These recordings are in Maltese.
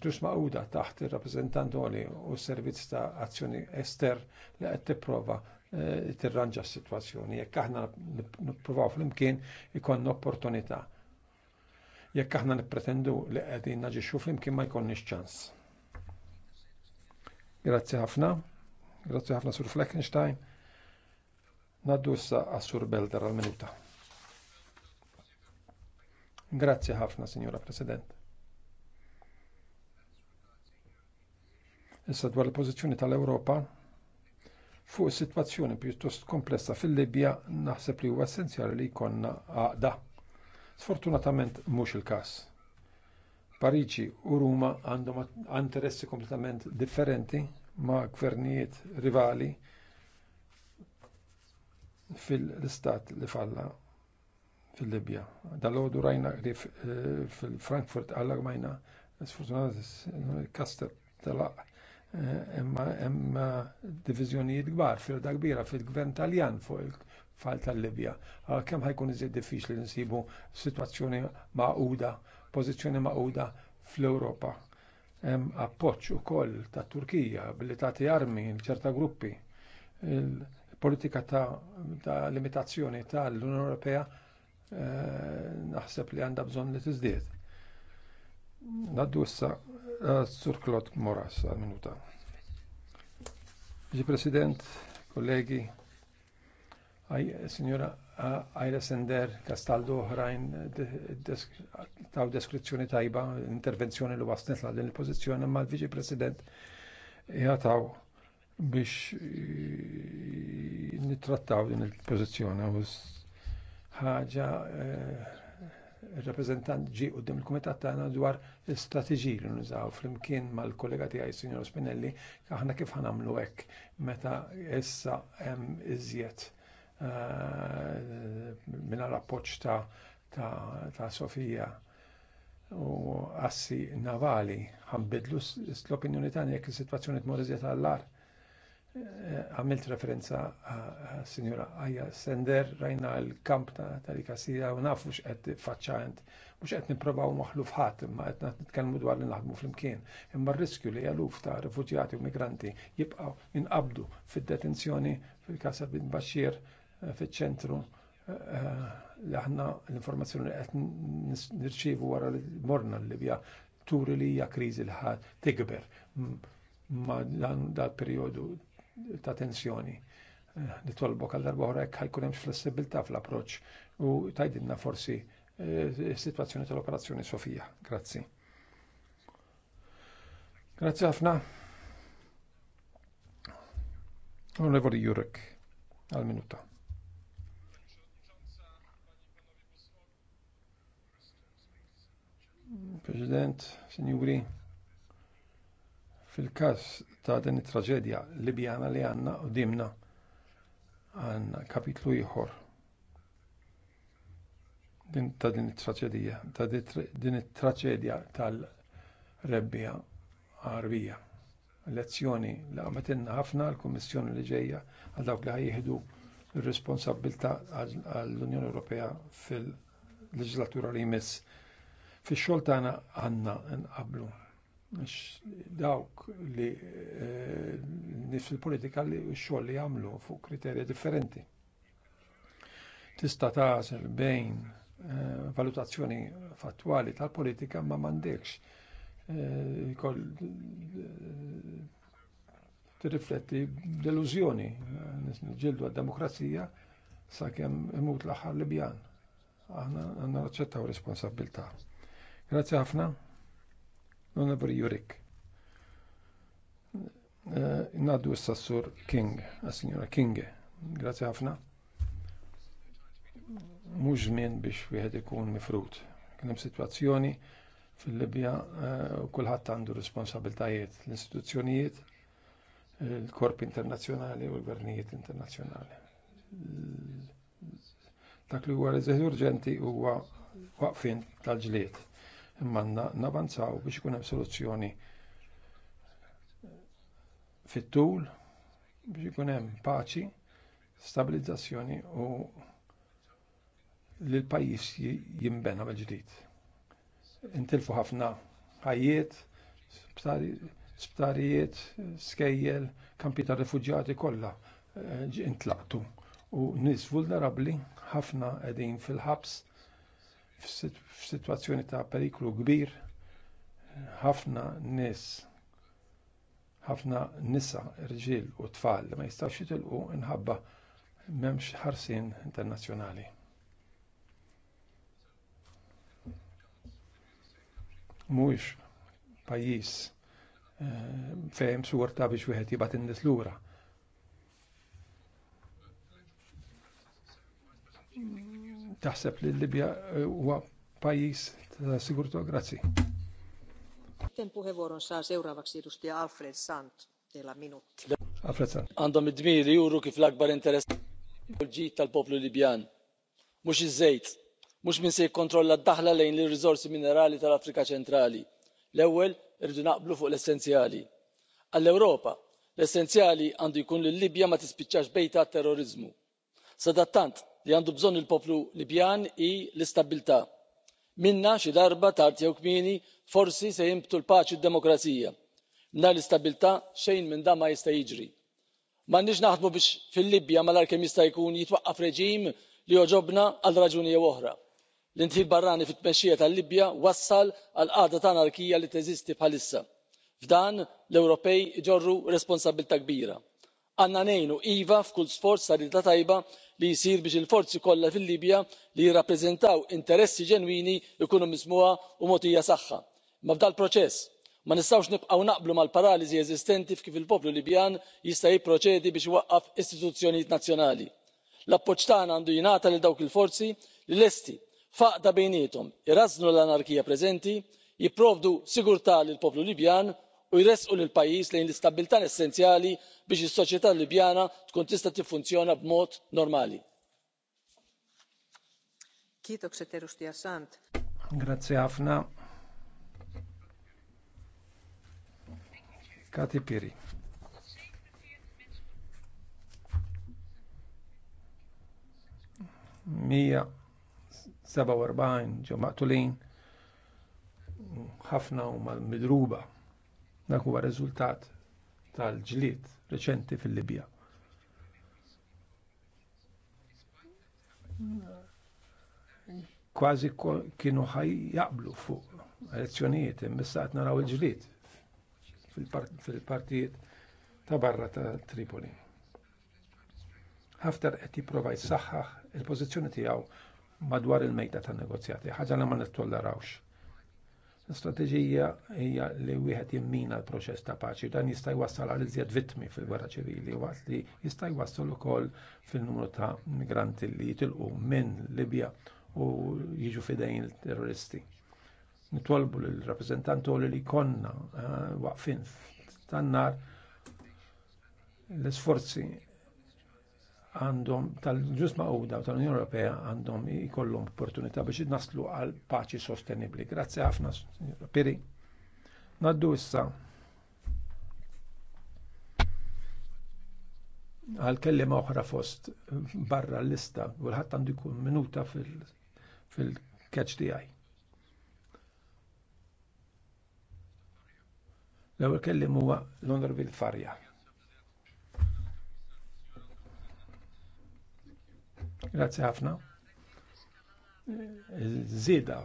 ġus maquda taħt ir-rappreżentantoli u s-servizz ta' azzjoni ester li qed tipprova eh, tirranġa s-sitwazzjoni jekk aħna nippruvaw flimkien ikon opportunità. Jekk aħna nippretendu li qegħdin naġixxu flimkien ma jkollniex ċans. Grazzi ħafna. Grazzi ħafna sur Fleckenstein. Naddu issa għas-sur Belder għal-minuta. Grazzi ħafna, Signora President. Issa dwar il-pożizzjoni tal-Ewropa fuq is-sitwazzjoni pjuttost komplessa fil-Libja naħseb li huwa essenzjali li jkollna għaqda. Sfortunatament mhux il-każ. Pariġi u Ruma għandhom interessi kompletament differenti ma' gvernijiet rivali fil-istat li falla fil-Libja. Dal-għodu rajna li eh, fil-Frankfurt għalla sfortunatament, sfortunat tal-għaq Eh, imma diviżjonijiet kbar firda kbira fil-gvern Taljan fuq il-fall tal-Libja. Kemm ħajkun iżid diffiċli nsibu situazzjoni maquda, pożizzjoni maquda fl-Ewropa. Hemm appoġġ ukoll tat Turkija billi tagħti armi ċerta gruppi. Il-politika ta' limitazzjoni tal-Unjoni Ewropea eh, naħseb li għandha bżonn li tiżdied. Naddu issa Eh, Sur Klot Moras, għal minuta. Vice President, kollegi, signora Ajra Sender, Castaldo, oħrajn, taw deskrizzjoni tajba, intervenzjoni li wasnet la din il-pozizjoni, ma l-Vice President jgħataw biex eh, nitrattaw din il-pozizjoni. Ħaġa eh, il reprezentant ġi u il komitat tagħna dwar l-istrateġiji li nużaw flimkien mal-kollega tiegħi Signor Spinelli aħna kif ħanamlu hekk meta issa hemm iżjed eh, mingħajr appoġġ ta' Sofija u assi navali ħambidlu l-opinjoni tagħna jekk is-sitwazzjoni tmur iżjed għall-ar Eh, għamilt referenza signora Aja Sender, rajna l-kamp ta' rikasija u nafu x'qed faċċant, mux qed niprobaw maħlu fħat, ma qed nitkellmu dwar li naħdmu flimkien. Imma r-riskju li eluf ta' rifuġjati u migranti jibqgħu inqabdu fid-detenzjoni fil-Kasa bin Bashir eh, fiċ-ċentru eh, li aħna l-informazzjoni li qed nirċievu wara li morna l-Libja turi li hija kriżi li ħad tikber ma dan dal periodu ta' tensjoni. Eh, nitolbok għal darba oħra jekk ħajkun hemm flessibilità fl-approċċ u tajdinna forsi is-sitwazzjoni eh, tal-operazzjoni Sofija. Grazzi. Grazzi ħafna. Onorevoli Jurek, għal minuta. President, signori, fil-kas ta' din it-traġedja Libjana li għandna dimna għandna kapitlu ieħor din ta' din it-traġedija, ta' din it-traġedja tal-rebbija għarbija. Lezzjoni li għamet ħafna l-Kummissjoni li ġejja għal dawk li ħajjieħdu r-responsabilità għall-Unjoni Ewropea fil-leġislatura li jmiss. Fix-xogħol tagħna għandna nqablu dawk li eh, nif il-politika li xogħol li jagħmlu fuq kriterji differenti. Tista' tagħżel bejn eh, valutazzjoni fattuali tal-politika ma m'għandekx t eh, tirrifletti delużjoni ġildu għad-demokrazija sakemm imut l-aħħar Libjan. Aħna għandna naċċettaw responsabilità. Grazzi ħafna l-Onorevoli Jurik. Eh, naddu s-sassur King, għas-signora King, grazie ħafna. Mux żmien biex wieħed ikun mifrut. Kien hemm sitwazzjoni fil-Libja eh, u kulħadd għandu responsabiltajiet l-istituzzjonijiet, il-korp internazzjonali u l-gvernijiet internazzjonali. Dak li huwa urġenti huwa waqfin tal-ġlied imma navanzaw biex ikun hemm soluzzjoni fit-tul biex ikun hemm paċi, stabilizzazzjoni u li l-pajjiż jinbena mill-ġdid. Intilfu ħafna ħajjiet, sptarijiet, skejjel, kampi ta' rifuġjati kollha eh, intlaqtu u nies vulnerabbli ħafna qegħdin fil-ħabs f'sitwazzjoni ta' periklu kbir ħafna nies ħafna nisa, irġiel u tfal li ma jistax jitilqu minħabba m'hemmx ħarsien internazzjonali. Mhuwiex pajjiż eh, fejn ta' biex wieħed jibgħat in lura taħseb li l-Libja eh, huwa pajjiż ta' sigurtà? Grazzi. Sitten puheenvuoron saa seuraavaksi edustaja Alfred Sant. Tela minut. Alfred Sant. Għandhom id-dmir li juru kif l-akbar interess ġid tal-poplu Libjan. Mhux iż-żejt, mhux min se jikkontrolla d-daħla lejn l riżorsi minerali tal-Afrika ċentrali. L-ewwel irridu naqblu fuq l-essenzjali. Għall-Ewropa, l-essenzjali għandu jkun li l-Libja ma tispiċċax bejta terrorizmu Sadattant, li għandu bżonn il-poplu libjan hi l istabbiltà. minnha xi darba tard jew kmieni forsi se jinbtu l-paċi u d-demokrazija. mingħajr l-istabbiltà xejn minn dan ma jista' jiġri. m'għandniex naħdmu biex fil libja malajr kemm jista' jkun jitwaqqaf reġim li jogħġobna għal raġuni jew oħra. l intħil barrani fit tmexxija tal libja wassal għal qagħda ta' anarkija li teżisti bħalissa. f'dan l ewropej iġorru responsabbiltà kbira għandna ngħinu iva f'kull sforz ta' ridla tajba li jsir biex il forzi kollha fil libja li jirrappreżentaw interessi ġenwini jkunu mismugħa u mogħtija saħħa imma f'dan il-proċess ma nistgħux nibqgħu naqblu mal-paralisi eżistenti f'kif il poplu libjan jista' jipproċedi biex iwaqqaf istituzzjonijiet nazzjonali. l-appoġġ tagħna għandu jingħata lil dawk il forzi li lesti faqda bejniethom irażżnu l anarkija preżenti jipprovdu sigurtà lill poplu libjan u jresqu lil pajjiż lejn l-istabbiltà essenzjali biex is-soċjetà libjana tkun tista' tiffunzjona b'mod normali. Grazzi ħafna. Kati Piri. Mija 47 ġo maqtulin ħafna huma midruba Dak huwa riżultat tal-ġlied reċenti fil-Libja. Kważi kienu ħaj jaqblu fuq elezzjonijiet, imbissa qed naraw il-ġlied fil-partijiet ta' barra ta' Tripoli. Ħafter qed jipprova jsaħħaħ il-pożizzjoni tiegħu madwar il-mejda tan negozjati, ħaġa li ma nittollerawx. L-istrateġija hija li wieħed jimmina l-proċess ta' paċi dan jista' jwassal għal iżjed vittmi fil-gwerra ċivili waqt li jista' jwassal ukoll fil-numru ta' migranti li jitilqu minn Libja u jiġu fidejn terroristi. Nitolbu l rappreżentantu li konna eh, waqfin tan-nar l-isforzi għandhom tal-ġus maqda u tal-Unjoni Ewropea għandhom ikollhom opportunità biex naslu għal paċi sostenibbli. Grazzi ħafna, Piri. Naddu issa għal kellima oħra fost barra l-lista u l ħat għandu jkun minuta fil-catch fil di L-ewwel kellim huwa l onorabil Farja. Grazzi ħafna. Zida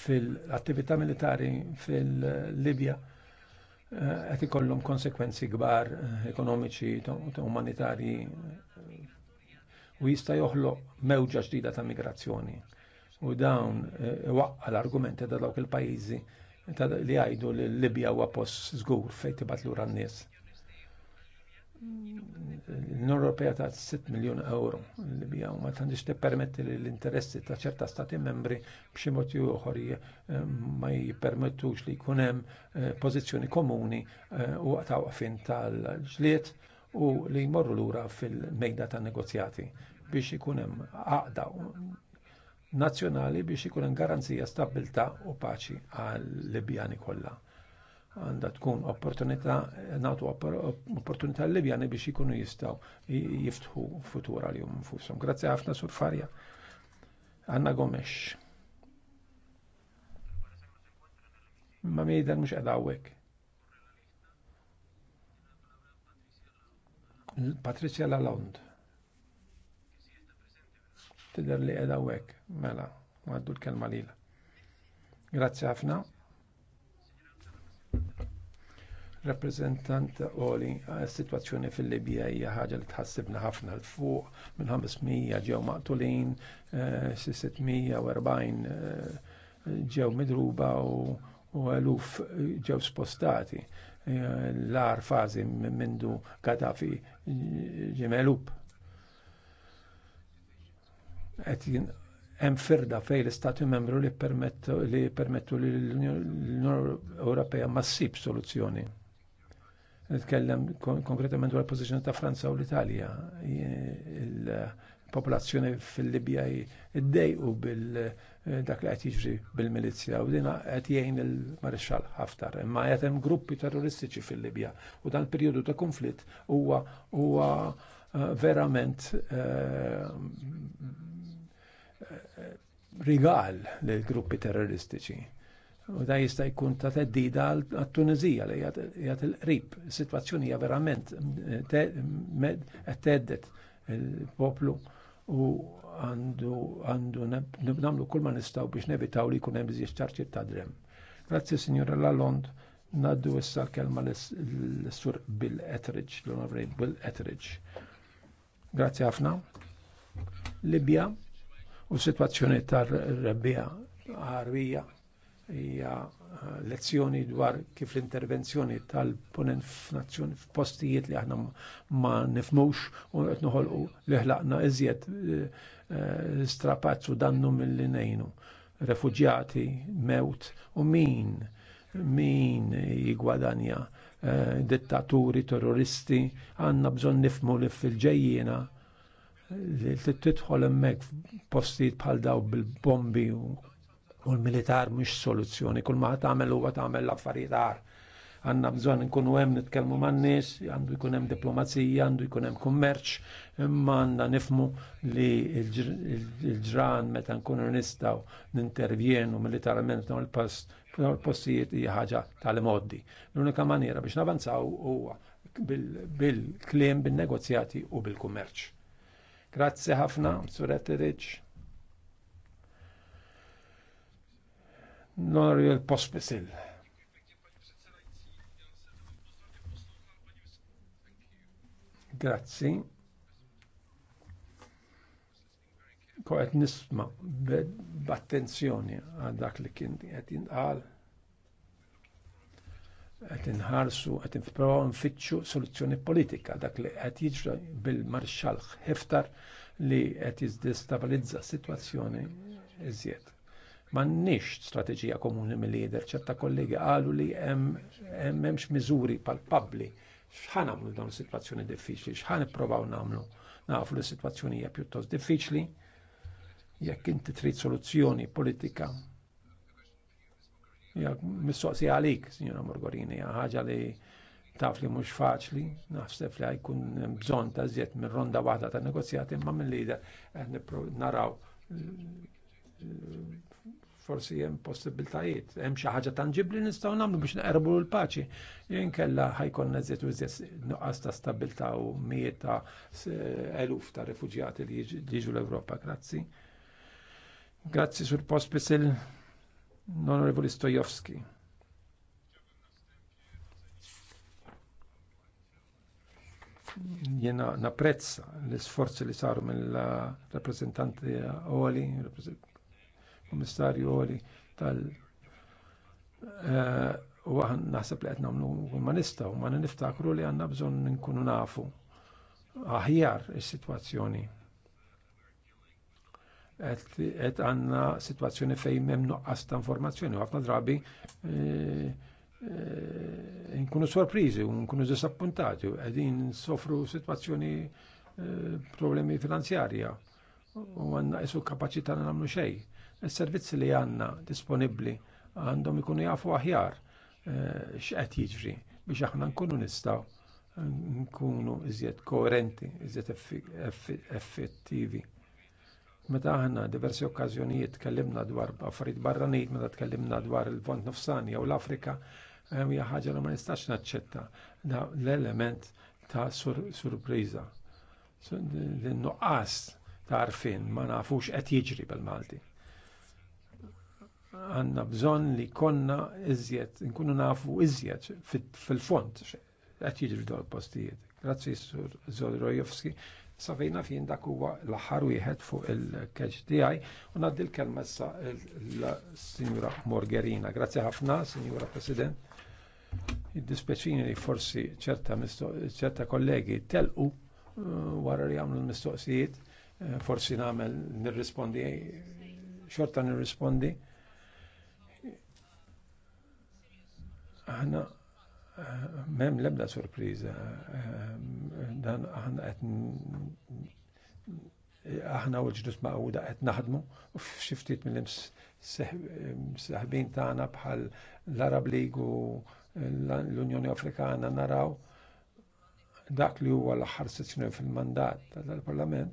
fil-attività militari fil-Libja eh, qed ikollhom konsekwenzi kbar eh, ekonomiċi, umanitarji eh, u jista' joħloq mewġa ġdida ta' migrazzjoni. U dawn waqqa l-argumenti ta' dawk il-pajjiżi li għajdu li Libja huwa post żgur fejn tibgħat lura n-nies l-Europea ta' 6 miljon euro li bija u ma tandix permetti li l-interessi ta' ċerta stati membri b'xi mod ieħor eh, ma jippermettux li jkun hemm eh, pożizzjoni komuni eh, u ta' għafin tal-ġlied u li jmorru lura fil-mejda ta' negozjati biex ikun hemm għaqda nazzjonali biex ikun hemm garanzija stabilta' u paċi għal-Libjani kollha għandha tkun opportunità nagħtu opportunità l-Libjani biex ikunu jistgħu jiftħu futur għalihom infushom. Grazzi ħafna sur Farja. Anna Gomesh. Ma mi dan mhux qiegħda hawnhekk. Patricia Lalonde. Tidher li qiegħda hawnhekk, mela, għaddu l-kelma lila. Grazzi ħafna. rappresentant għoli eh, situazzjoni fil-Libja hija ħaġa li tħassibna ħafna l fuq minn 500 ġew maqtulin, 640 eh, eh, ġew midruba u eluf ġew spostati. L-ar fażi mindu Gaddafi ġemelub. Qed hemm firda fej l-Istati membru li permettu li l-Unjoni Ewropea ma ssib soluzzjoni nitkellem konkretament dwar il-pożizzjoni ta' Franza u l-Italja. Il-popolazzjoni fil-Libja iddejqu bil dak li qed jiġri bil-milizja u dina qed jgħin il-Marixxall Haftar. Imma qed hemm gruppi terroristiċi fil-Libja u dan perjodu ta' konflitt huwa huwa eh, verament eh, eh, rigal lill gruppi terroristiċi U da jista' jkun ta' teddida għat-Tunizija li jgħat il-qrib. Situazzjoni hija verament qed teddet il-poplu u għandu għandu nagħmlu kull ma nistgħu biex nevitaw li jkun hemm biżjed ċarċi ta' drem. Grazzi Signora Lalond, naddu issa kelma l-sur Bill Etridge, l onorej Bill Etridge. Grazzi ħafna. Libja u situazzjoni tar-rebbija għarbija hija lezzjoni dwar kif l-intervenzjoni tal-ponent f'nazzjoni f'postijiet li aħna ma nifmux u qed noħolqu li ħlaqna iżjed strapazzu dannu mill linejnu ngħinu. mewt u min min jigwadanja dittaturi, terroristi, għanna bżon nifmu li fil-ġejjina li tidħol emmek postijiet bħal daw bil-bombi u U l-militar mhux soluzzjoni, kull ma tagħmel huwa tagħmel l-affarijiet għar. Għandna bżonn nkunu hemm nitkellmu man-nies, għandu jkun hemm diplomazija, għandu jkun hemm kummerċ, imma għandna nifmu li l-ġran meta nkunu nistgħu nintervjenu militarment dawn il-post postijiet hija ħaġa tal-modi. L-unika maniera biex navanzaw huwa bil-klim, bin negozjati u bil-kummerċ. Grazzi ħafna, Suret Rich. il Pospisil. Grazzi. Koqet nisma b'attenzjoni għal dak li kien qed jinqal qed inħarsu qed nipprovaw nfittxu soluzzjoni politika dak li qed jiġri bil-marxall Heftar li qed jiddestabilizza s-sitwazzjoni iżjed. M'għandniex strateġija komuni mill-lider, ċerta kollegi qalu li hemmx miżuri palpabbli. X'ħan nagħmlu dawn is-sitwazzjoni diffiċli, x'ħan nippruvaw nagħmlu. Nafu li situazzjoni sitwazzjoni hija pjuttost diffiċli, jekk inti trid soluzzjoni politika Ja, mistoqsi għalik, signora Morgorini, ħaġa li taf li mhux faċli, naħseb li jkun bżonn ta' żjed minn ronda waħda ta' negozjati, imma mill lider naraw forsi hemm possibiltajiet, hemm xi ħaġa tanġibli nistgħu nagħmlu biex naqerbu l-paċi. Jien kellha ħajkonna żiet u nuqqas ta' stabilità u mijiet ta' eluf ta' refuġjati li jiġu l-Ewropa. Grazzi. Grazzi sur post bisil l-Onorevoli Stojowski. Jena napprezza l-sforzi li saru mill-rappresentanti rappresentanti kummissarju għoli tal- eh, u għan naħseb li għetna mlu ma nistaw, ma niftakru li għanna bżon ninkunu nafu aħjar il-situazzjoni. Għet għanna situazzjoni fej memnu għasta informazzjoni, għafna drabi eh, eh, nkunu sorprizi, nkunu disappuntati, għedin sofru situazzjoni problemi finanzjarja u għanna isu kapacità namlu xej Is-servizzi li għandna disponibbli għandhom ikunu jafu aħjar eh, x'qed jiġri biex aħna nkunu nistgħu eh, nkunu iżjed koerenti, iżjed effettivi. Meta aħna diversi okkażjonijiet tkellimna dwar affarijiet barranin, meta tkellimna dwar il-Vont Nofsani jew l-Afrika, eh, hija ħaġa li ma nistax naċċetta l-element ta' surpriża. L-nuqqas ta' arfin ma nafux qed jiġri bil-Malti għanna bżon li konna iżjed, nkunu nafu iżjed fil-font għat jidri dol postijiet. Grazzi sur Zolrojewski. Savejna fin dak huwa l-aħħar wieħed fuq il-keċ tiegħi u ngħaddi l-kelma issa l-Sinjura Morgerina. Grazzi ħafna, Sinjura President. Id-dispeċini li forsi ċerta kollegi telqu eh, wara li għamlu l-mistoqsijiet, eh, forsi nagħmel nirrispondi xorta nirrispondi. Aħna eh, mem lebda sorpriża eh, eh, dan aħna qed aħna u l-ġdus maqwuda qed naħdmu f'xi ftit mill-imsaħbin tagħna bħal l-Arab League u l-Unjoni Afrikana naraw dak li huwa l-aħħar sezzjoni fil-mandat tal-Parlament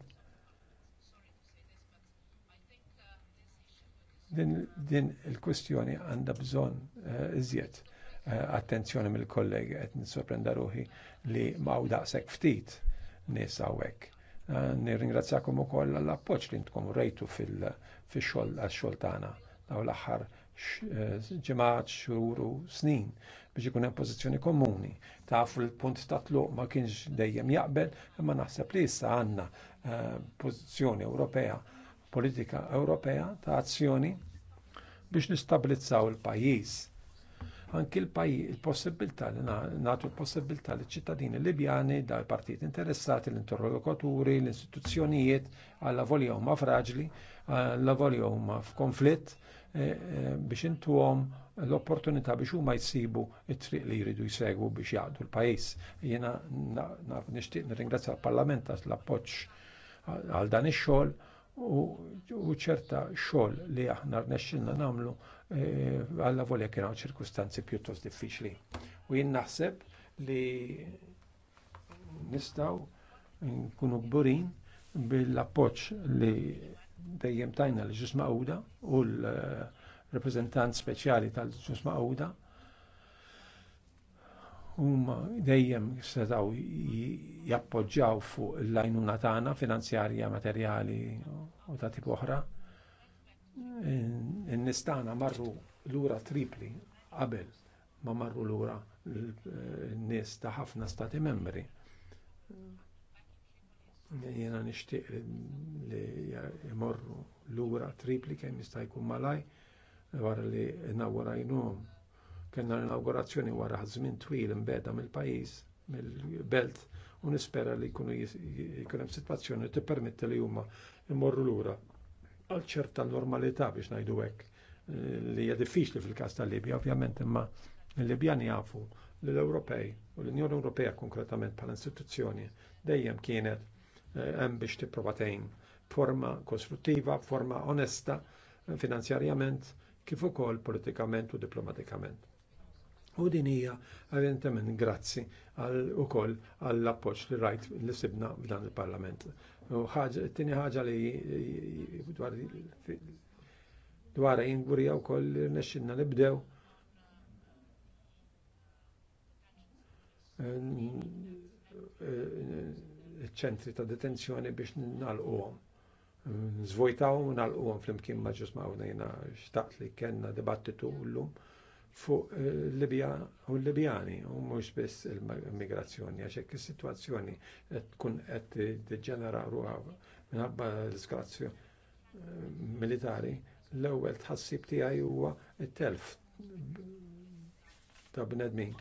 din, il-kwestjoni għandha bżonn iżjed Eh, attenzjoni mill-kollegi qed nisoprenda ruħi li maw daqshekk ftit nies hawnhekk. u eh, ukoll għall-appoġġ li ntkom rejtu fil-xogħol għax-xogħol tagħna l-aħħar eh, ġemat, xuru snin biex ikun hemm pożizzjoni komuni. Tafu l-punt ta' tluq ma kienx dejjem jaqbel, imma naħseb li issa għandna pożizzjoni Ewropea, politika Ewropea ta' azzjoni biex nistabilizzaw il-pajjiż anki l-possibilità li nagħtu l-possibilità li ċittadini Libjani dal partit interessati l-interlokuturi, l-istituzzjonijiet għalla volja huma fraġli, għalla volja huma f'konflitt e, e, biex intuhom l-opportunità biex huma jsibu it-triq li jridu jsegwu biex jaqdu l-pajjiż. Jiena nixtieq nirringrazzja l-Parlament għall-appoġġ għal dan ix-xogħol u ċerta xogħol li aħna rnexxinna nagħmlu eh, għalla volja kien hawn ċirkustanzi pjuttost diffiċli. U jien naħseb li nistgħu nkunu gburin bil-appoġġ li dejjem tajna l-ġisma' u l-reprezentant eh, speċjali tal-ġusma għawda huma dejjem setgħu jappoġġjaw fuq l-għajnuna tagħna finanzjarja, materjali u ta' tip oħra. In-nies tagħna marru lura tripli qabel ma marru lura n-nies ta' ħafna stati membri. Jena nixtieq li jmorru lura tripli kemm jista' jkun malaj wara li nawwarajnuhom kena l-inaugurazzjoni wara żmien twil imbeda mill-pajjiż, mill-belt, u nispera li jkunu jkun hemm sitwazzjoni li tippermetti li huma jmorru lura għal ċerta normalità biex ngħidu hekk eh, li hija diffiċli fil-każ tal-Libja, ovvjament imma l-Libjani jafu li l-Ewropej u l-Unjoni Ewropea konkretament bħala istituzzjoni dejjem kienet eh, hemm biex tipprova tgħin forma kostruttiva, forma onesta eh, finanzjarjament kif ukoll politikament u diplomatikament. U din hija evidentement grazzi għal ukoll għall appoġġ li rajt li sibna f'dan il-Parlament. U tieni ħaġa li dwar dwar wkoll li rnexxinna nibdew ċentri ta' detenzjoni biex nalquhom. Zvojtawhom u nalquhom flimkien ma' ġismawna jiena xtaqt li kellna dibattitu llum fuq eh, Libja u l-Libjani u mhux biss il-migrazzjoni għax hekk is-sitwazzjoni qed tkun qed tiġġenera ruha minħabba l-iskalazzju eh, militari l-ewwel tħassib tiegħi huwa t-telf ta' bnedmin.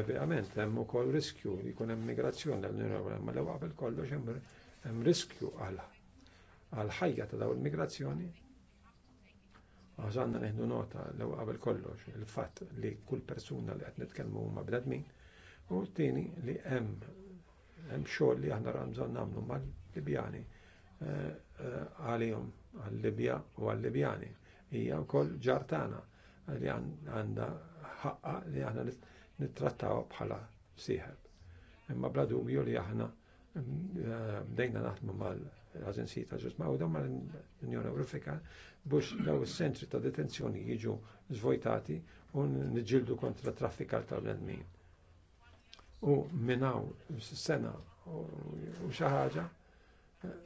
Ovvjament hemm ukoll riskju jkun hemm migrazzjoni l-Unjoni Ewropea, ma l-ewwel qabel kollox hemm riskju għal ħajja ta' dawn il-migrazzjoni għazanna neħdu nota l qabel kollox il-fat li kull persuna li għet nitkellmu huma bnedmin u t-tini li hemm hemm xogħol li aħna ramżon nagħmlu mal-Libjani eh, eh, għalihom għal-Libja u għal-Libjani. Hija wkoll ġartana li għandha ħaqqa li aħna nittrattaw bħala sieħeb. Imma bla dubju li aħna eh, bdejna naħdmu mal-Libjani għazin si ta' Ġus Mawda ma' l-Unjoni Ewropea biex daw is-sentri ta' detenzjoni jiġu zvojtati un nġildu kontra traffikar tal-bnedmin. U minnaw s-sena u xaħġa eh,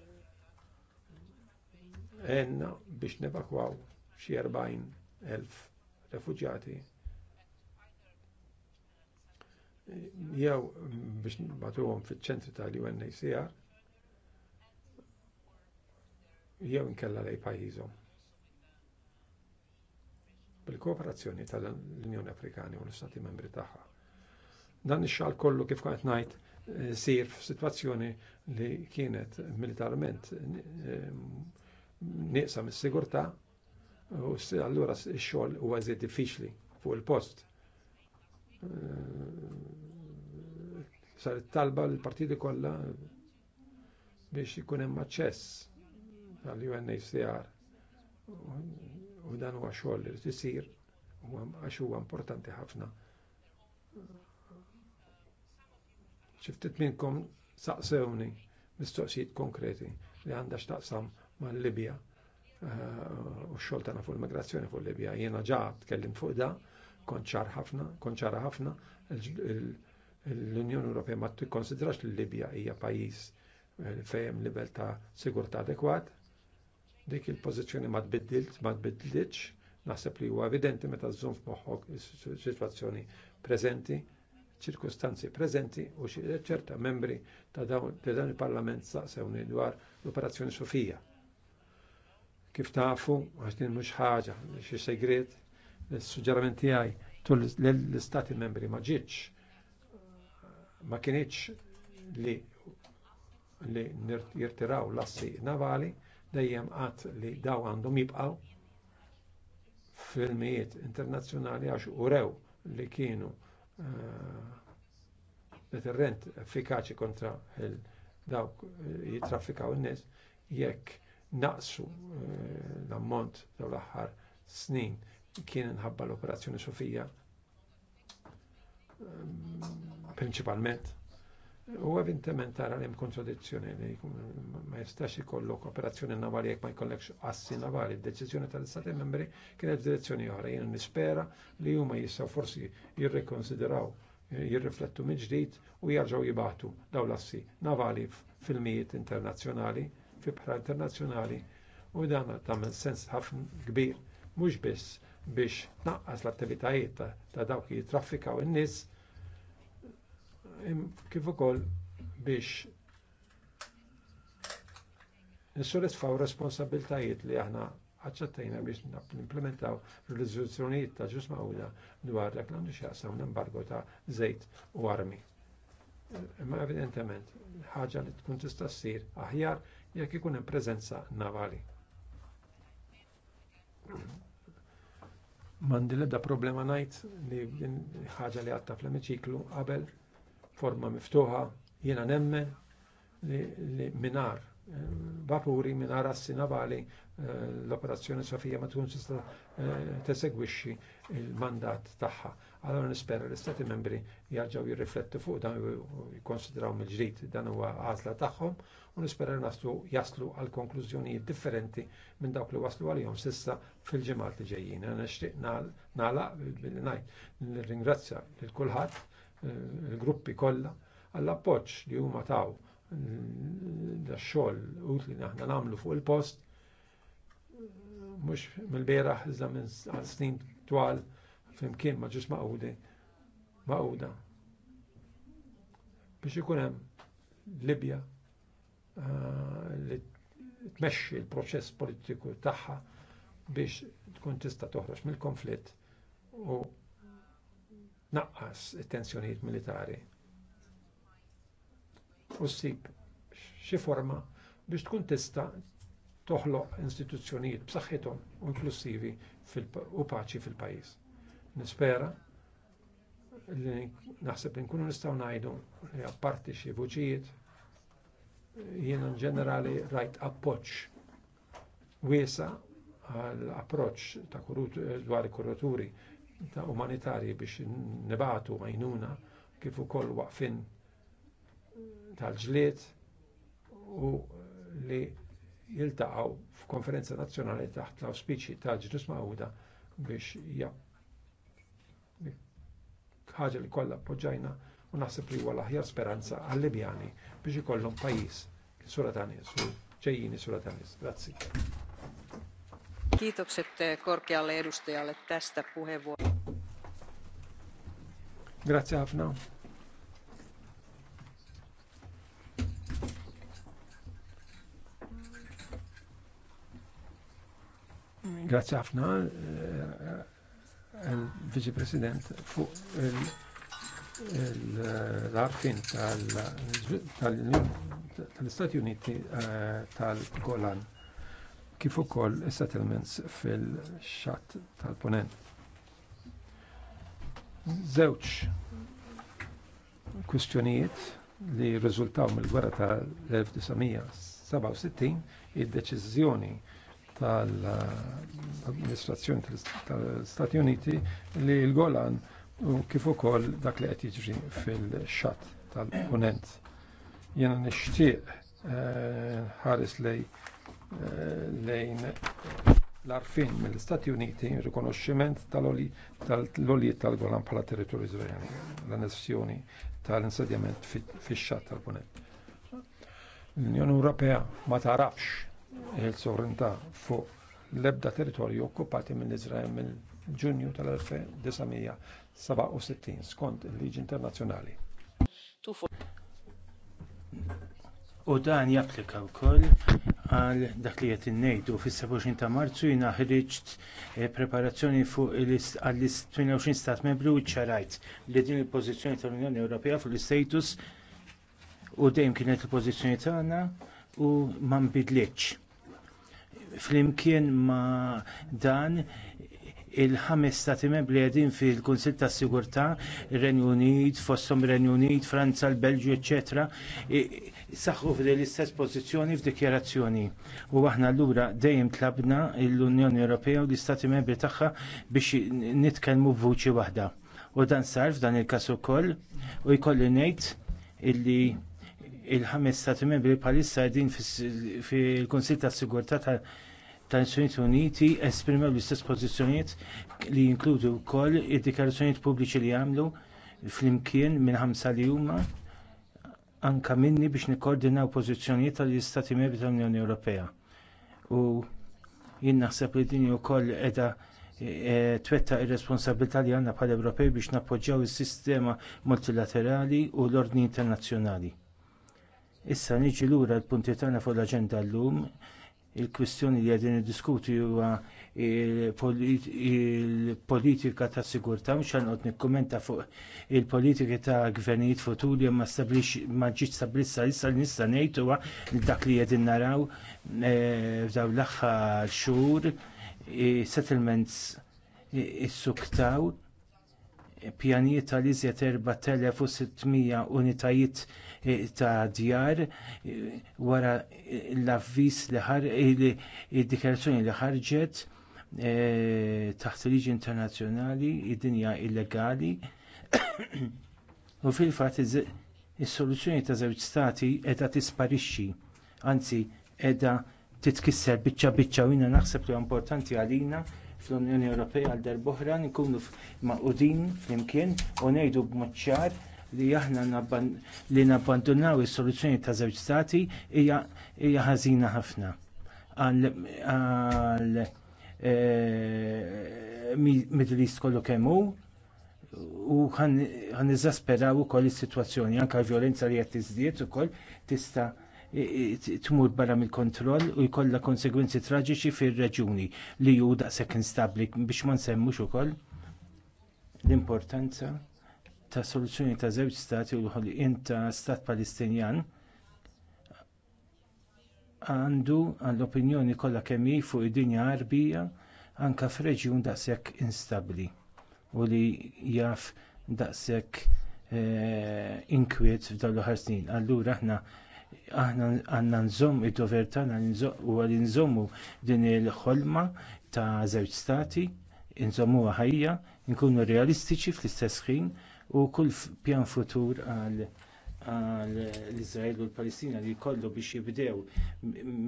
enna biex nevakwaw xie 40.000 refugjati jew biex nbatuhom fil ċentri tal-UNHCR jew inkella lejn pajjiżhom. Bil-kooperazzjoni tal-Unjoni Afrikani u l-Istati Membri tagħha. Dan ix-xal kollu kif kont ngħid eh, sir f'sitwazzjoni li kienet militarment eh, nieqsa mis-sigurtà u allura x-xogħol huwa żied diffiċli fuq il-post eh, saret talba l-partiti kollha biex ikun hemm aċċess tal-UNHCR u dan huwa xogħol li tisir għax huwa importanti ħafna. Xiftit minnkom saqsewni mistoqsijiet konkreti li għandha x'taqsam mal-Libja eh, u x-xogħol tagħna fuq il-migrazzjoni fuq Libja. Jiena ġa tkellim fuq da, konċar ħafna, konċara ħafna l-Unjoni Ewropea ma tikkonsidrax li Libja hija pajjiż eh, fejn livell ta' sigurtà adekwat Dik il-pożizzjoni ma tbiddilt, ma tbiddilx, naħseb li huwa evidenti meta żżum f'moħħok is-sitwazzjoni preżenti, ċirkustanzi preżenti u ċerta membri ta' dawn il-Parlament saqsewni dwar l-Operazzjoni Sofija. Kif tafu, għax din mhux ħaġa, xi segret, is-suġġerament tiegħi tul l-istati membri ma ġietx ma kienieċ li li jirtiraw l-assi navali dejjem għat li daw għandhom jibqaw filmijiet internazzjonali għax urew li kienu eh, deterrent effikaċi kontra dawk eh, jitraffikaw in-nies jekk naqsu eh, l-ammont daw l-aħħar snin kien inħabba l-operazzjoni Sofija prinċipalment U għavintement tara li hemm kontradizzjoni li ma jistax ikollok operazzjoni navali jekk ma jkollekx assi navali. Id-deċiżjoni tal-Istati membri kienet direzzjoni oħra. Jien nispera li huma jistgħu forsi jirrikonsideraw jirriflettu miġdijt ġdid u jarġgħu jibatu daw l-assi navali fil-mijiet internazzjonali, fi bħra internazzjonali u dan tagħmel sens ħafna kbir mhux biss biex naqqas l-attivitajiet ta' dawk li jitraffikaw in-nies kif ukoll biex faw responsabiltajiet li aħna aċċettajna biex nimplementaw r-riżoluzzjonijiet ta' ġus mawla dwar dak l-għandu xjaqsam un embargo ta' żejt u armi. Imma evidentement, ħaġa li tkun tista' ssir aħjar jekk ikun hemm preżenza navali. Mandi l problema ngħid li ħaġa li għatta fl-emiċiklu qabel forma miftuħa, jiena nemmen li, li minar eh, vapuri minar assi navali eh, l-operazzjoni Sofija ma tkunx tista' eh, tesegwixxi il-mandat tagħha. Allora nispera l-Istati membri jarġgħu jirriflettu fuq dan u jikkonsidraw mill ġrid dan huwa għażla tagħhom u nispera naslu jaslu għal konklużjonijiet differenti minn dawk li waslu għalihom sissa fil-ġimgħat li ġejjin. Nixtieq nagħlaq billi ngħid nirringrazzja lil kulħadd il-gruppi kollha għall-appoġġ li huma taw da xogħol utli naħna nagħmlu fuq il-post mhux mill-beraħ iżda minn għal snin twal flimkien ma ġiex maqudi maquda biex ikun hemm Libja ah, li tmexxi l-proċess politiku tagħha biex tkun tista' toħroġ mill-konflitt u naqqas it-tensjonijiet militari u ssib xi forma biex tkun tista' toħloq istituzzjonijiet b'saħħithom u inklusivi u paċi fil-pajjiż. Nispera li naħseb li nkunu nistgħu ngħidu li apparti xi vuċijiet in ġenerali rajt appoġġ wiesa għall approċċ ta' dwar kuraturi ta' umanitarji biex nibatu għajnuna kif ukoll waqfin tal-ġlied u li jiltaqgħu f'konferenza nazzjonali taħt l-auspiċi tal ġlus Mawda biex ja ħaġa li kollha appoġġajna u naħseb li huwa l-aħjar speranza għal-Libjani biex ikollhom pajjiż suratani, u ġejjini suratani. Grazzi. Kiitokset korkealle edustajalle tästä puheenvuorosta. Grazie ħafna. Grazie ħafna il-Viċi President fuq l-arfin tal-Istati Uniti tal-Golan kif ukoll is-settlements fil-xatt tal-punent. Żewġ kwistjonijiet li rriżultaw mill-gwerra tal-1967 id-deċiżjoni tal-amministrazzjoni tal-Stati Uniti li l-Golan u kif ukoll dak li qed jiġri fil-xatt tal-punent. Jiena nixtieq eh, ħares lej lejn l-arfin mill-Istati Uniti rikonoxximent tal-olji tal-Golan bħala territorju Izraeli, l-annessjoni tal-insedjament fix-xatt tal-Punent. L-Unjoni Ewropea ma tarafx il-sovranità fuq l-ebda territorju okkupati mill-Izrael mill-Ġunju tal-1967 skont il-liġi internazzjonali. U dan japplika wkoll għal dak li qed innejdu fis-27 ta' Marzu jiena ħriġt eh, preparazzjoni fuq għall-28 stat membru u ċarajt li din il-pożizzjoni tal-Unjoni Ewropea fuq l-istatus u dejjem kienet il-pożizzjoni tagħna u ma nbidlitx. Flimkien ma dan il-ħames stati membri qegħdin fil-Kunsill tas-Sigurtà, ir-Renju Unit, fosthom Renju Unit, Franza, l-Belġju, eċetera, saħħu fil-istess pożizzjoni f'dikjarazzjoni. U aħna allura dejjem tlabna l-Unjoni Ewropea u l-Istati Membri tagħha biex nitkellmu b'vuċi waħda. U dan sar f'dan il-każ ukoll u jkolli ngħid illi il-ħames stati membri bħalissa qegħdin fil-Kunsill tas-Sigurtà tal-Unjoni tan-Nazzjonijiet Uniti esprimew l-istess pożizzjonijiet li jinkludu wkoll id-dikjarazzjonijiet pubbliċi li għamlu flimkien minn ħamsa li huma anke minni biex nikkoordinaw pożizzjonijiet tal-Istati Membri tal-Unjoni Ewropea. U jien naħseb li din ukoll qiegħda e, twetta' ir-responsabilità li għandna bħala Ewropej biex nappoġġjaw is-sistema multilaterali u l-ordni internazzjonali. Issa niġi lura l-punti tagħna fuq l-aġenda llum il-kwistjoni li għedin diskuti huwa il-politika ta' sigurtà mhux għanqod nikkumenta fuq il-politika ta' gvernijiet futuri ma stablix ma ġiet stablissa issa li nista' ngħid dak li qegħdin naraw eh, f'dawn l-aħħar xhur settlements s-suktaw, pjanijiet tal iżjed 4600 unitajiet eh, ta' djar eh, wara l-avviż li ħar id-dikjarazzjoni li ħarġet eh, taħt liġi internazzjonali id-dinja illegali u fil-fatt is-soluzzjoni ta' żewġ stati qiegħda tisparixxi anzi qiegħda titkisser biċċa biċċa u jiena naħseb li importanti għalina fl-Unjoni Ewropea għal darbohra nkunu maqudin flimkien u ngħidu b'mod li aħna li nabbandunaw is-soluzzjoni ta' żewġ stati hija ħażina ħafna għal e, Middle East kollu kemm hu u ħan iżasperaw ukoll is-sitwazzjoni anke l-vjolenza li qed tiżdied ukoll tista' tmur barra mill-kontroll u jkollha konsegwenzi traġiċi fir-reġuni li hu daqshekk instabbli biex ma nsemmux ukoll l-importanza ta' soluzzjoni ta' żewġ stati u l-ħolqien ta' stat Palestinjan għandu għall-opinjoni kollha kemm hi fuq id-dinja Arbija anke f'reġjun daqshekk instabbli u li jaf daqshekk eh, inkwiet f'dawn l-aħħar snin. Allura aħna aħna għandna nżomm id-dover tagħna għal nżommu din il-ħolma ta' żewġ stati, nżommuha ħajja, nkunu realistiċi fl-istess ħin u kull pjan futur għal l-Izrael u l-Palestina li jkollu biex jibdew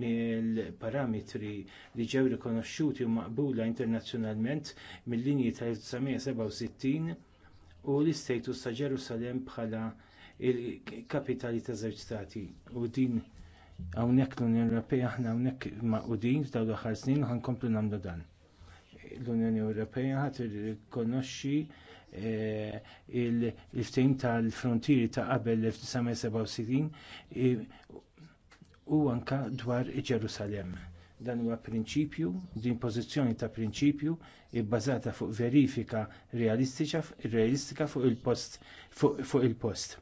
mill-parametri li ġew rikonoxxuti u maqbula internazzjonalment mill-linji tal-1967 u l-istatus ta' Ġerusalemm bħala il-kapitali ta' żewġ stati u din hawnhekk l-Unjoni Ewropea aħna hawnhekk maqudin f'daw l-aħħar snin u ħankomplu nagħmlu dan. L-Unjoni Ewropea ħadd irrikonoxxi eh, il-ftehim tal-frontieri ta' qabel 1967 eh, u anke dwar Ġerusalemme dan huwa prinċipju, din pożizzjoni ta' prinċipju bbażata fuq verifika realistika fuq il-post fuq il-post.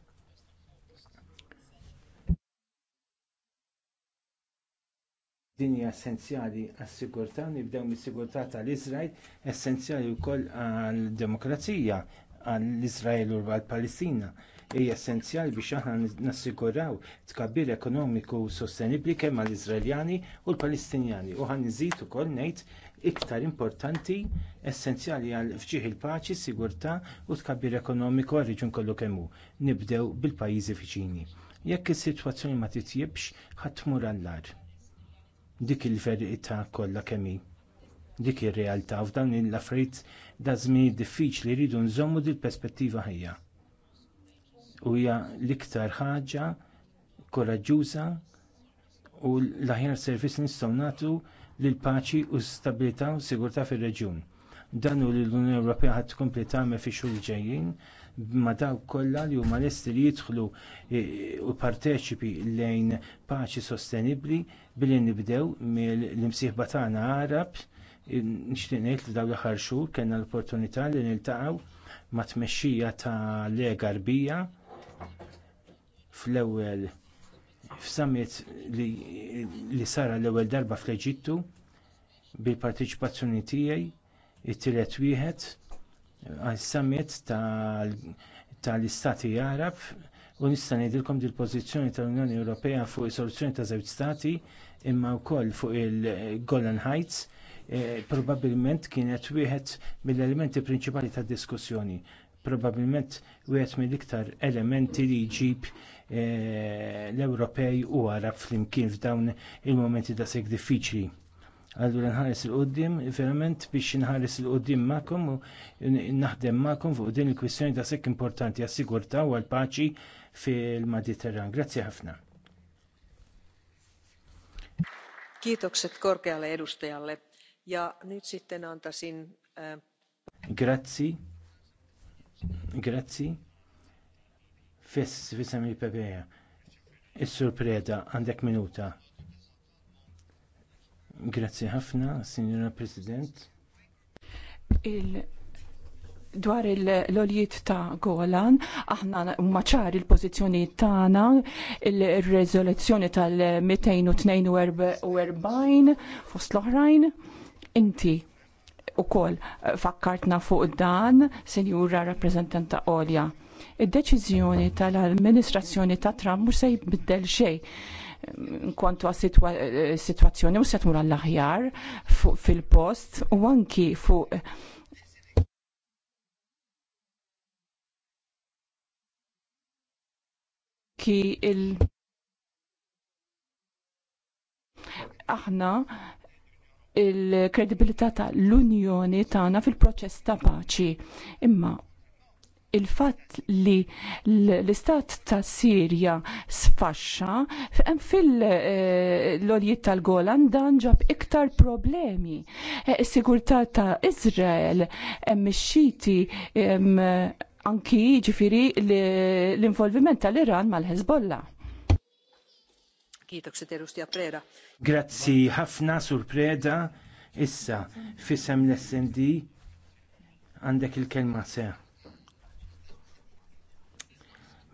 Din hija essenzjali għas-sigurtà, nibdew mis-sigurtà tal-Iżrael, essenzjali wkoll għal-demokrazija għall-Iżrael u għall-Palestina. Hija essenzjali biex aħna nassiguraw tkabbir ekonomiku sostenibbli kemm għall-Iżraeljani u l-Palestinjani. U ħan iżid ukoll ngħid iktar importanti, essenzjali għal fġieħ il-paċi, sigurtà u tkabbir ekonomiku għar-reġun kollu kemm hu. Nibdew bil-pajjiżi viċini. Jekk is-sitwazzjoni ma titjibx, ħadd tmur għall-lar dik il-verità kollha kemm hi. Dik ir-realtà f'dan l-affarijiet da żmien diffiċli rridu nżommu dil perspettiva ħajja. U hija l-iktar ħaġa koraġġjuża u l-aħjar servizz nistgħu nagħtu lill paċi u stabilità u sigurtà fir-reġjun. Dan u l-Unjoni Ewropea ħadd tkompli tagħmel fix xhur ġejjin ma dawk kollha li huma lesti li jidħlu e, u parteċipi lejn paċi sostenibbli billi nibdew mill-imsieħba tagħna Arab e, nixtieq ngħid li dawn l-aħħar xhur kellna l-opportunità li niltaqgħu ma' tmexxija ta' Lega Arbija fl-ewwel f'summit li, li sara l-ewwel darba fl-Eġittu bil-parteċipazzjoni tiegħi it-tielet wieħed għal-summit tal-istati għarab u nista' ngħidilkom di l-pożizzjoni tal-Unjoni Ewropea fuq is-soluzzjoni ta' żewġ stati imma wkoll fuq il-Golan Heights e, probabbilment kienet wieħed mill-elementi prinċipali tad-diskussjoni. Probabbilment wieħed mill-iktar elementi li jġib e, l-Ewropej u Arab flimkien f'dawn il-momenti da' sek diffiċli Allura nħares il-qoddim, verament biex nħares il-qoddim magħkom u naħdem magħkom fuq din il-kwistjoni ta' sekk importanti għas-sigurtà u għall-paċi fil-Mediterran. Grazzi ħafna. Kiitokset korkealle edustajalle. Ja nyt sitten antasin... Grazzi. Grazzi. Fiss, fissami Pepeja. Is-surpreda, għandek minuta. Grazzi ħafna, Signora President. Il dwar l-oljiet ta' Golan, aħna maċar il-pozizjoni tagħna, il-rezoluzzjoni tal-242 fost l-oħrajn, inti u koll fakkartna fuq dan, senjura rappresentanta Olja. Id-deċiżjoni tal-amministrazzjoni ta' Trump mhux se jbiddel xejn nkontu għas-sitwazzjoni eh, u setmur għall-aħjar fil-post u anki fuq ki il aħna il-kredibilità tal-Unjoni tagħna fil-proċess ta' paċi. Imma il-fatt li l-istat ta' Sirja sfaxxa hemm fil-loljiet eh, tal-Golan dan ġab iktar problemi. Eh, is-sigurtà ta' Iżrael hemm ix-Xiti eh, anki ġifiri l-involviment tal-Iran mal-Hezbollah. Kitokset erustja preda. Grazzi ħafna sur preda. Issa, fissem l-SND għandek il-kelma seħ.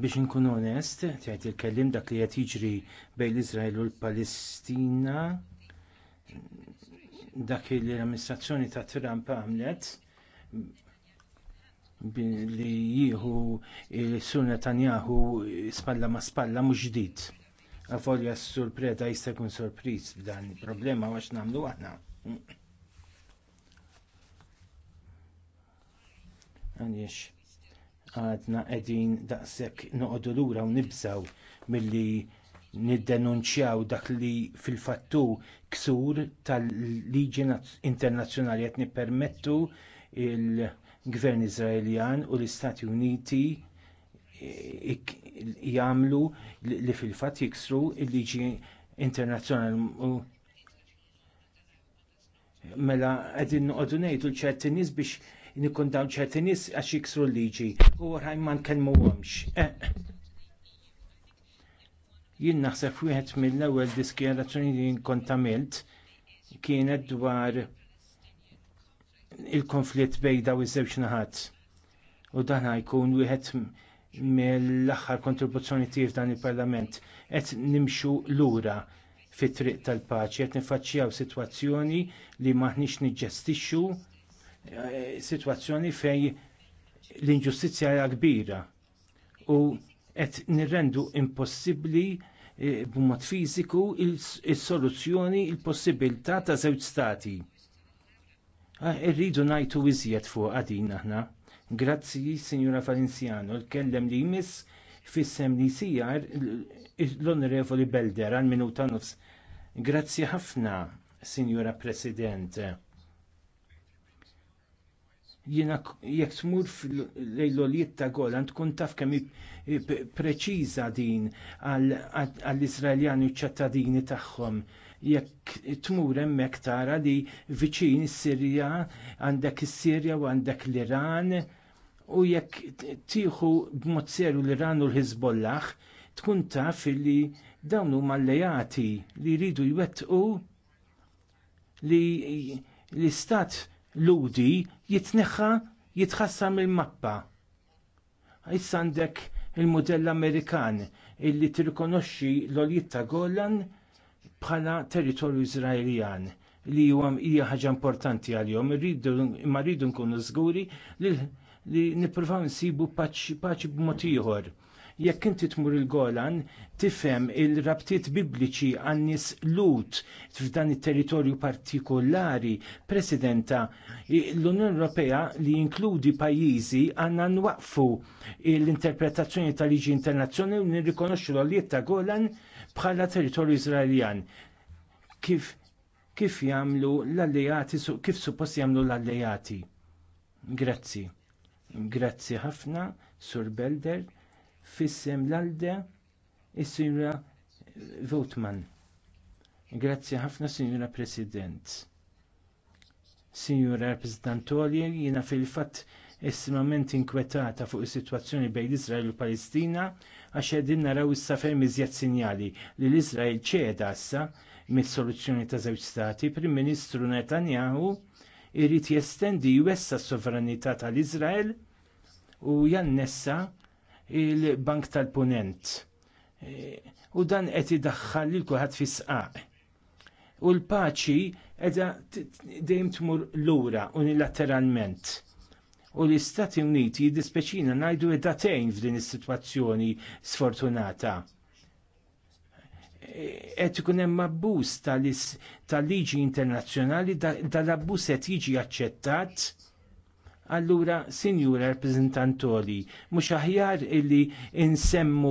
Biex inkun onest, tgħid il-kellim dak li qed jiġri bejn l-Iżrael u l-Palestina, dak li l-amministrazzjoni ta' Trump għamlet li jieħu s sur Netanyahu spalla ma spalla mhux ġdid. Avolja s-surpreda jista' jkun sorpriż b'dan il-problema għax nagħmlu aħna għadna qegħdin daqshekk noqogħdu lura u nibżaw milli niddenunċjaw dak li fil-fattu ksur tal-liġi internazzjonali qed nippermettu l gvern Iżraeljan u l-Istati Uniti jagħmlu li fil-fatt jiksru l liġi internazzjonali mela qegħdin noqogħdu ngħidu l-ċerti nies biex nikkundaw ċerti nies għax jiksru l-liġi u oħrajn ma nkellmuhomx. Eh. Jien naħseb wieħed mill-ewwel diskjerazzjoni li nkont għamilt kienet dwar il-konflitt bejn daw iż-żewġ naħat. U dan jkun wieħed mill-aħħar kontribuzzjoni tiegħi f'dan il-Parlament qed nimxu lura fit-triq tal-paċi, qed nifaċċjaw sitwazzjoni li maħniex niġġestixxu Eh, situazzjoni fej l-inġustizja hija kbira u qed nirrendu impossibbli eh, b'mod fiżiku il-soluzzjoni il possibilità ta' żewġ stati. Ah, irridu ngħidu iżjed fuq għadin aħna. Grazzi, Signora Valenziano, l-kellem li jmiss fissem li sijar l-Onorevoli Belder għal minuta nofs. Grazzi ħafna, Signora President. Jiena jekk tmur fil-lejloliet ta' Golan tkun taf kemm preċiża din għall izraeljani u ċ tagħhom. Jekk tmur hemmhekk tara li viċin is-Sirja għandek is-Sirja u għandek l-Iran u jekk tieħu b'mod seru l-Iran u l-Hizbollah tkun taf li dawn huma alleati li jridu jwettqu li l-istat ludi jitneħħa jitħassam il-mappa. Issa għandek il-modell Amerikan illi tirrikonoxxi l-oljiet ta' Golan bħala territorju Izraeljan li huwa hija ħaġa importanti għalihom. Imma rridu nkunu żguri li nippruvaw nsibu paċi b'mod ieħor Jekk inti tmur il-Golan, tifhem il-rabtiet bibliċi għannis Lut f'dan it-territorju partikolari, Presidenta, l-Unjoni Ewropea li jinkludi pajjiżi għandna nwaqfu l-interpretazzjoni tal-liġi internazzjonali u nirrikonoxxu l-għaliet ta' Golan bħala territorju Izraeljan. Kif kif jagħmlu l-alleati, kif suppost jagħmlu l-alleati. Grazzi. Grazzi ħafna, Sur Belder, fissem l-alde is-sinjura Votman. Grazzi ħafna, Sinjura President. Sinjura Rappresentantoli, jiena fil-fatt estremament inkwetata fuq is-sitwazzjoni bejn l-Iżrael u Palestina għax qegħdin naraw issa ferm iżjed sinjali li l-Iżrael ċeda issa mis-soluzzjoni ta' żewġ stati, Prim Ministru Netanyahu jrid jestendi jwessa s-sovranità tal-Iżrael u jannessa il-Bank tal-Punent. U dan qed idaħħal lil kulħadd fi sqaq. U l-paċi qiegħda dejjem tmur lura unilateralment. U l-Istati Uniti jiddispeċina ngħidu edatejn f'din is-sitwazzjoni sfortunata qed ikun hemm abbuż tal-liġi internazzjonali dal-abbuż qed jiġi aċċettat Allura, sinjura rappresentantoli, mhux aħjar illi insemmu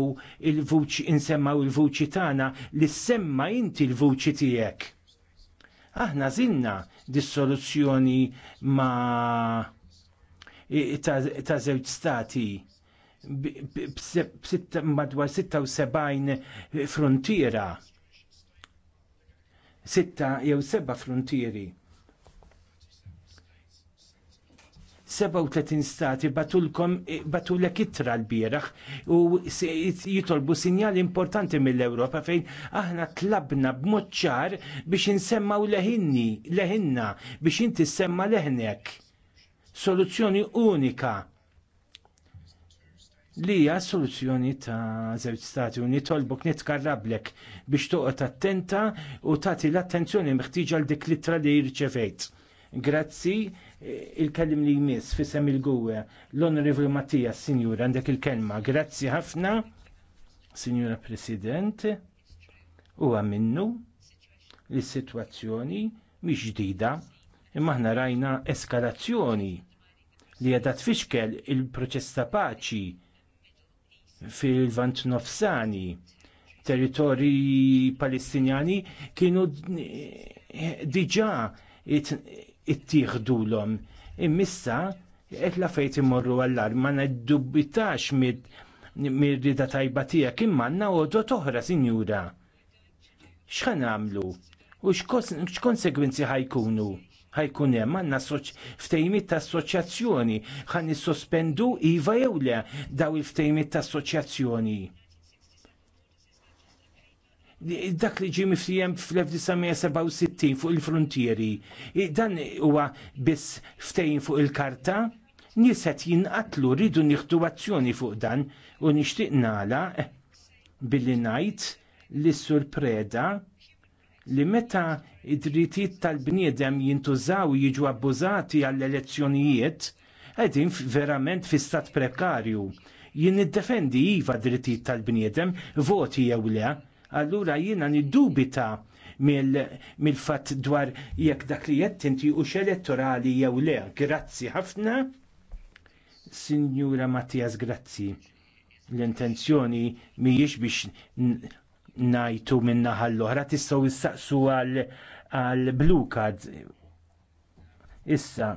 il-vuċi, insemmaw il-vuċi tagħna li semma inti l-vuċi tiegħek. Aħna zinna dis-soluzzjoni ma ta' żewġ stati madwar 76 frontiera. Sitta jew seba' frontieri 37 stati batulkom batulek ittra l-bieraħ u jitolbu sinjal importanti mill-Ewropa fejn aħna tlabna b'mod ċar biex insemmaw leħinni, leħinna, biex inti semma leħnek. Soluzzjoni unika li hija soluzzjoni ta' żewġ stati u nitolbok nitkarrablek biex toqgħod attenta u tagħti l-attenzjoni meħtieġa l dik litra li rċevejt. Grazzi il-kellim li jmiss fisem il-gwe l-Onorevoli Mattias Sinjura, għandek il-kelma. Grazzi ħafna, Sinjura President, u għaminnu li situazzjoni mhix ġdida, imma ħna rajna eskalazzjoni li għadat fiskel il-proċess ta' paċi fil-Vant Nofsani, territorji palestinjani kienu diġà ittieħdulhom. Immissa qed la fejt imorru għall-arm ma neddubitax mir-rida tajba tiegħek imma għandna għodot oħra, sinjura. X'ħan għamlu? U x'konsegwenzi ħajkunu? ħajkun hemm għandna ftejmit ta' assoċjazzjoni ħan nissospendu iva jew le daw il-ftejmit ta' assoċjazzjoni dak li ġie miftijem fl-1967 fuq il-frontieri. Dan huwa biss ftejn fuq il-karta, niset jinqatlu rridu nieħdu azzjoni fuq dan u nixtieq nagħlaq billi ngħid li surpreda li meta id-drittijiet tal-bniedem jintużaw jiġu abbużati għall-elezzjonijiet, qegħdin verament fi stat prekarju. Jien id-defendi iva drittijiet tal-bniedem, voti jew le, allura jiena niddubita mill-fatt mil dwar jekk dak li qed inti hux elettorali jew le. Grazzi ħafna. Sinjura Mattias, grazzi. L-intenzjoni mhijiex biex najtu minna l-oħra tistgħu issaqsu għal blue card. Issa,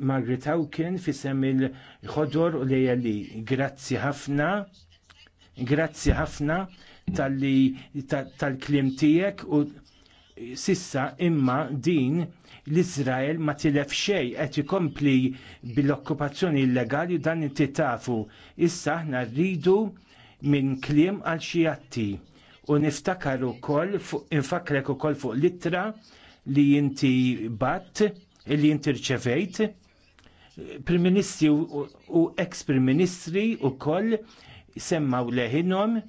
Margaret Hawken fisem il-ħodor u lejali. Grazzi ħafna, grazzi ħafna tal-klim tiegħek u sissa imma din l-Izrael ma tilef xej qed ikompli bil-okkupazzjoni illegali dan inti tafu. Issa aħna rridu minn kliem għal xi u niftakar ukoll infakrek ukoll fuq litra li inti batt li inti rċevejt prim-ministri u ex-prim-ministri u koll semmaw leħinom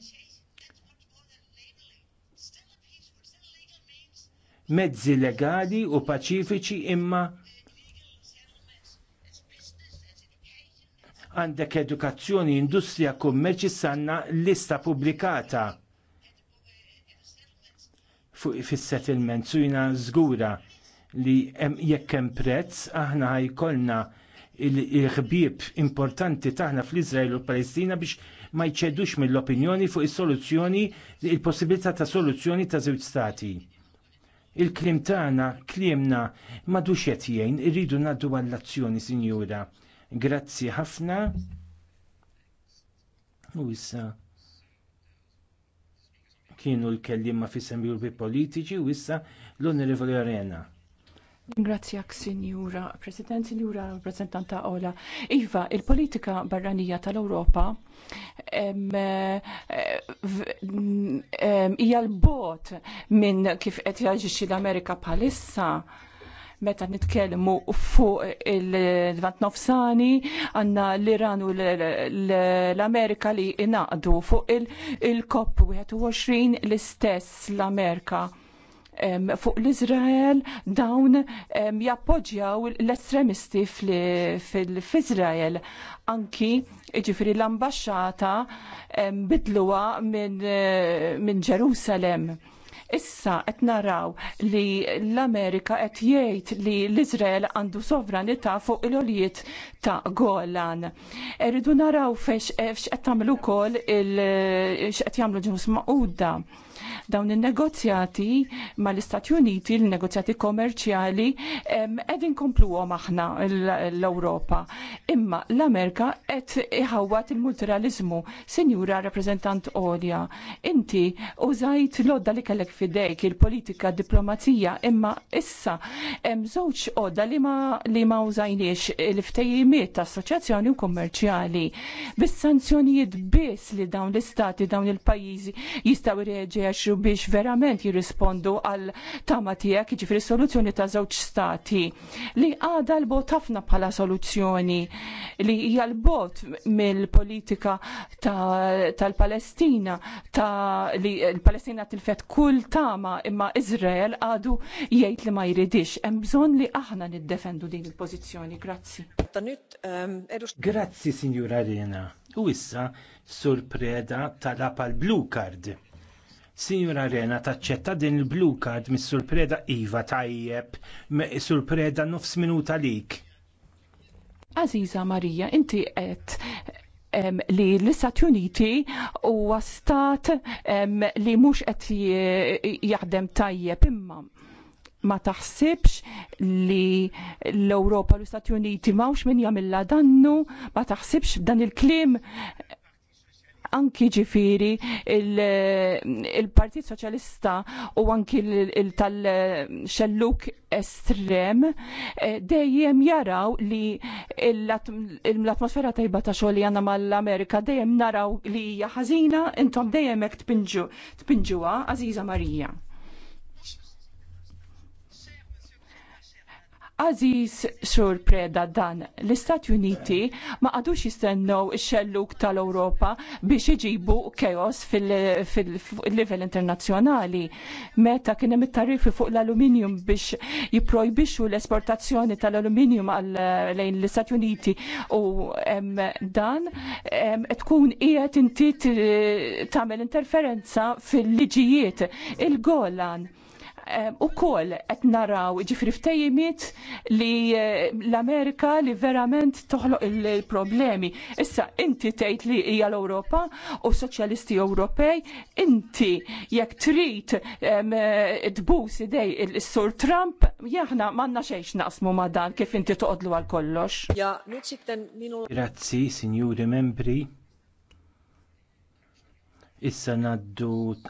mezzi legali u paċifiċi imma għandek edukazzjoni, industrija, kummerċi sanna lista pubblikata fuq fis-settlement sujna żgura li jekk hemm prezz aħna ħajkolna il-ħbieb importanti taħna fl-Izrael u l-Palestina biex ma jċedux mill-opinjoni fuq is-soluzzjoni, il-possibilità ta' soluzzjoni ta' żewġ stati. Il-klim tagħna, kliemna madux qed jgħin, irridu ngħaddu għall-azzjoni, Sinjura. Grazzi ħafna. U issa kienu l ma' fi sembi politiċi u issa l-Onorevoli Arena. Ingrazzjak, Sinjura President, Sinjura Rappresentanta Ola. Iva, il-politika barranija tal-Europa eh, hija l-bot minn kif qed jaġixxi l-Amerika bħalissa meta nitkellmu fuq il-Vant Nofsani, għanna l-Iran u l-Amerika li inaqdu fuq il-COP21 l-istess l-Amerika fuq l-Izrael dawn jappoġġjaw l-estremisti fil-Izrael. Anki ġifri l-ambasċata bidluwa minn Ġerusalem. Issa qed naraw li l-Amerika qed jgħid li l-Iżrael għandu sovranità fuq il ħolijiet ta' Golan. Eridu naraw fex eh, qed tagħmlu wkoll il x'qed jagħmlu ġus Smaqudda. Dawn il-negozjati ma l-Istati Uniti, il-negozjati komerċjali, edin kompluhom aħna l-Europa. Imma l-Amerika qed iħawat il multiralizmu Sinjura rappresentant Olja, inti użajt l-odda li kellek fidejk il-politika diplomazija, imma issa hemm żewġ odda li ma li ma użajniex l ftejimiet ta' assoċjazzjoni u kommerċjali. Bis-sanzjonijiet biss li dawn l-istati, dawn il-pajjiżi jistgħu jreġgħu jaxxu biex verament jirrispondu għal tama tiegħek jiġifieri soluzzjoni ta' żewġ stati li għada l-bot ħafna bħala soluzzjoni li hija l-bot mill-politika tal-Palestina ta' li l-Palestina tilfet kull tama imma Izrael għadu jgħid li ma jridix. Hemm bżonn li aħna niddefendu din il-pożizzjoni. Grazzi. Grazzi, Signora Arena. U issa surpreda tal-apal blue card. Sinjura Rena taċċetta din il-blue card mis surpreda Iva tajjeb, Surpreda nofs minuta lik. Aziza Marija, inti qed li l-Istat Uniti huwa stat li mhux qed jaħdem tajjeb imma ma taħsibx li l-Europa l istati Uniti mawx min jamilla dannu, ma taħsibx dan il-klim anki ġifiri il-Partit il Soċjalista u anki tal-xelluk estrem eh, dejjem jaraw li l-atmosfera tajba ta' xogħol li għandna mal-Amerika dejjem naraw li hija ħażina intom dejjem hekk tpinġuha Aziza Marija. Aziz xur preda dan, l-Istati Uniti ma għadux jistennew xelluk tal-Europa biex iġibu keos fil-level internazzjonali. Meta kien hemm it-tariffi fuq l-aluminium biex jipprojbixxu l-esportazzjoni tal-aluminium lejn l-Istati Uniti u dan tkun qiegħed inti tagħmel interferenza fil-liġijiet. Il-Golan Eh, u kol et naraw ġifri ftejimiet li eh, l-Amerika li verament toħloq il-problemi. Issa, inti tgħid li hija l-Ewropa u soċjalisti Ewropej, inti jekk trid eh, tbus idej il-Sur Trump, jahna manna xejx naqsmu ma dan kif inti toqodlu għal kollox. Ja, Grazzi, sinjuri membri. Issa ngħaddu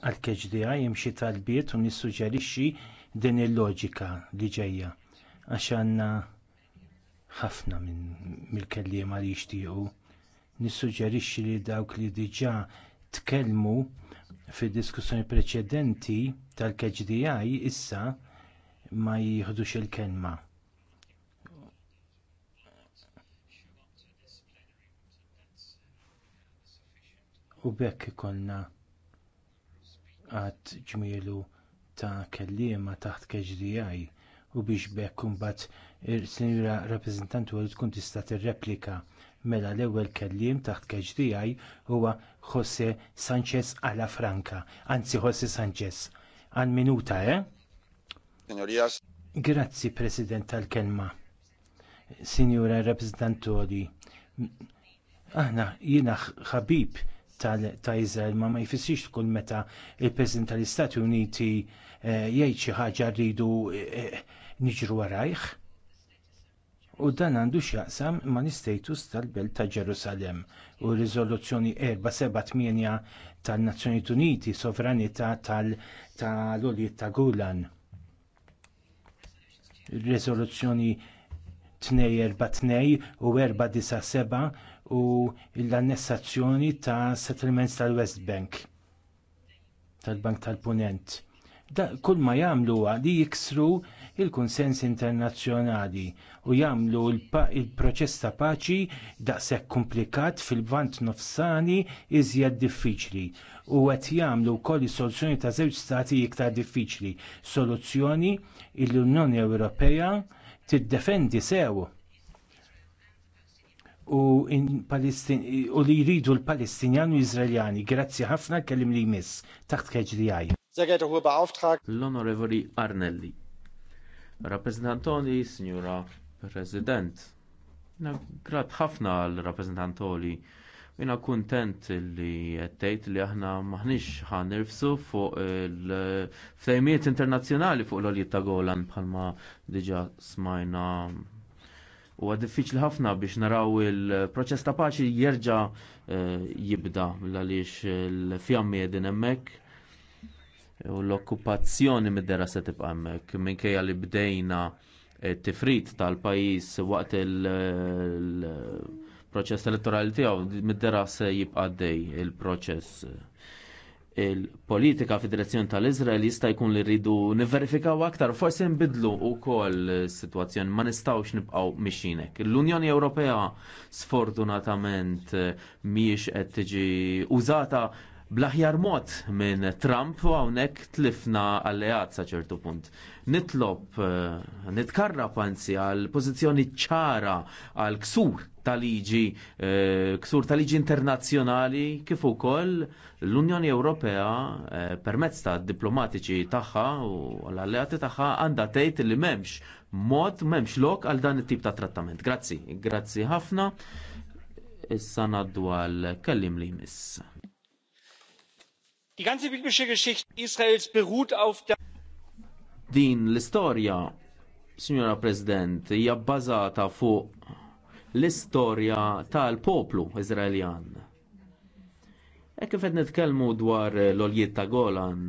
għal keġdija jimxi tal-biet u nissuġġerixxi din il-loġika li ġejja għax għandna ħafna minn mill-kelliema li jixtiequ. Nissuġġerixxi li dawk li diġà tkellmu fid-diskussjoni preċedenti tal-KGDI issa ma jieħdux il-kelma u bekk ikollna għad ġmielu ta' kelliema taħt KHDI u biex bekk imbagħad il-sinjura rappreżentanti għal tkun tista' tirreplika mela l-ewwel kelliem taħt KHDI huwa Jose Sanchez Ala Franca, anzi Jose Sanchez. Għan minuta, eh? Signorias. Grazzi, President, tal-kelma. Sinjura rappresentanti aħna jiena ħabib ta' Iżrael ma ma jfissirx tkun meta il-President tal-Istati Uniti eh, jgħid xi ħaġa rridu eh, niġru warajh. U dan għandu x'jaqsam ma' l-istatus tal-Belt ta' Ġerusalem u r-riżoluzzjoni 478 tan-Nazzjonijiet Uniti sovranità tal ulijiet ta' Gulan. Riżoluzzjoni 242 u 497 u l-annessazzjoni ta' settlements tal-West Bank tal-Bank tal-Punent. kull ma jamlu li jiksru l kunsens internazzjonali u jagħmlu il-proċess ta' paċi daqshekk komplikat fil-vant nofsani iżjed diffiċli u qed jagħmlu wkoll is-soluzzjoni ta' żewġ stati iktar diffiċli, soluzzjoni l-Unjoni Ewropea tiddefendi sew u, u li jridu l-Palestinjan u Izraeljani. Grazzi ħafna kellim li jmiss taħt KGDI. Zegħet L-Onorevoli Arnelli. Rappresentantoni, Signora President. Grat ħafna l-rappresentantoli. Jina kuntent li jettejt li aħna maħnix ħanirfsu fuq il-ftejmiet internazjonali fuq l-oljiet ta' Golan bħalma diġa smajna u għad diffiċli ħafna biex naraw il-proċess ta' paċi jerġa eh, jibda għaliex il-fjammi edin emmek u l-okkupazzjoni mid-dera se tibqa' hemmhekk minkejja li bdejna eh, tifrit tal-pajjiż waqt il-proċess elettorali tiegħu mid-dera se jibqa' dej il-proċess il-politika fid-direzzjoni tal-Izrael jista' jkun li rridu niverifikaw aktar, forsi nbidlu wkoll kol sitwazzjoni ma nistgħux nibqgħu mixinek. L-Unjoni Ewropea sfortunatament mhijiex qed tiġi użata blaħjar mod minn Trump u hawnhekk tlifna alleat sa ċertu punt. Nitlob, uh, eh, nitkarra panzi għal pożizzjoni ċara għal ksur tal-liġi, uh, eh, ksur tal-liġi internazzjonali kif ukoll l-Unjoni Ewropea uh, permezz ta' diplomatiċi tagħha u l-alleati tagħha għandha tgħid li m'hemmx mod m'hemmx lok għal dan it-tip ta' trattament. Grazzi, grazzi ħafna. Issa naddu għal kellim li jmiss. Din l-istorja, Signora President, hija bbażata fuq l-istorja tal-poplu Izraeljan. E kif qed nitkellmu dwar l-oljiet ta' Golan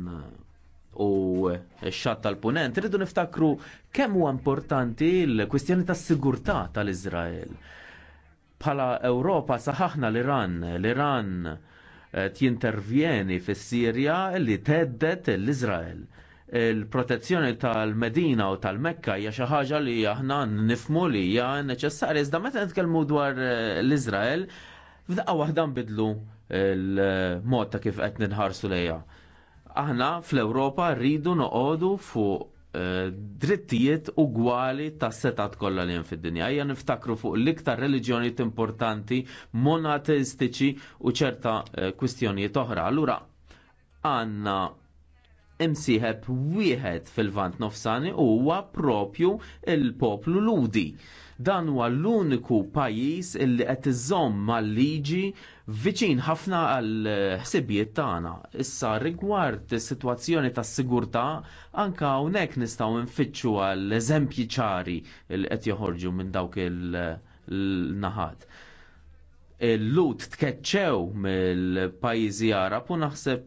u x-xatt tal-punent, rridu niftakru kemm huwa importanti l-kwistjoni tas-sigurtà tal-Iżrael. Bħala Ewropa saħaħna l-Iran, l-Iran Eh, jintervjeni fis-Sirja li teddet l-Izrael il-protezzjoni tal-Medina u tal-Mekka hija xi ħaġa li aħna nifmu li hija neċessarja iżda meta nitkellmu dwar eh, l izrael f'daqqa waħda nbidlu l-mod ta' kif qed ninħarsu lejha. Aħna fl-Ewropa rridu noqogħdu fuq Eh, drittijiet ugwali ta' setat kollha li fid-dinja. Ejja niftakru fuq l-iktar reliġjoni importanti, monateistiċi u ċerta eh, kwistjonijiet oħra. Allura għanna msiħeb wieħed fil-vant nofsani u huwa propju il-poplu ludi. Dan huwa l-uniku pajjiż illi qed iżomm mal-liġi viċin ħafna għal ħsibijiet tagħna. Issa rigward is-sitwazzjoni tas-sigurtà anke hawnhekk nistgħu nfittxu għal eżempji ċari li qed joħorġu minn dawk il-naħat. Il-lut tkeċċew mill-pajjiżi Arab u naħseb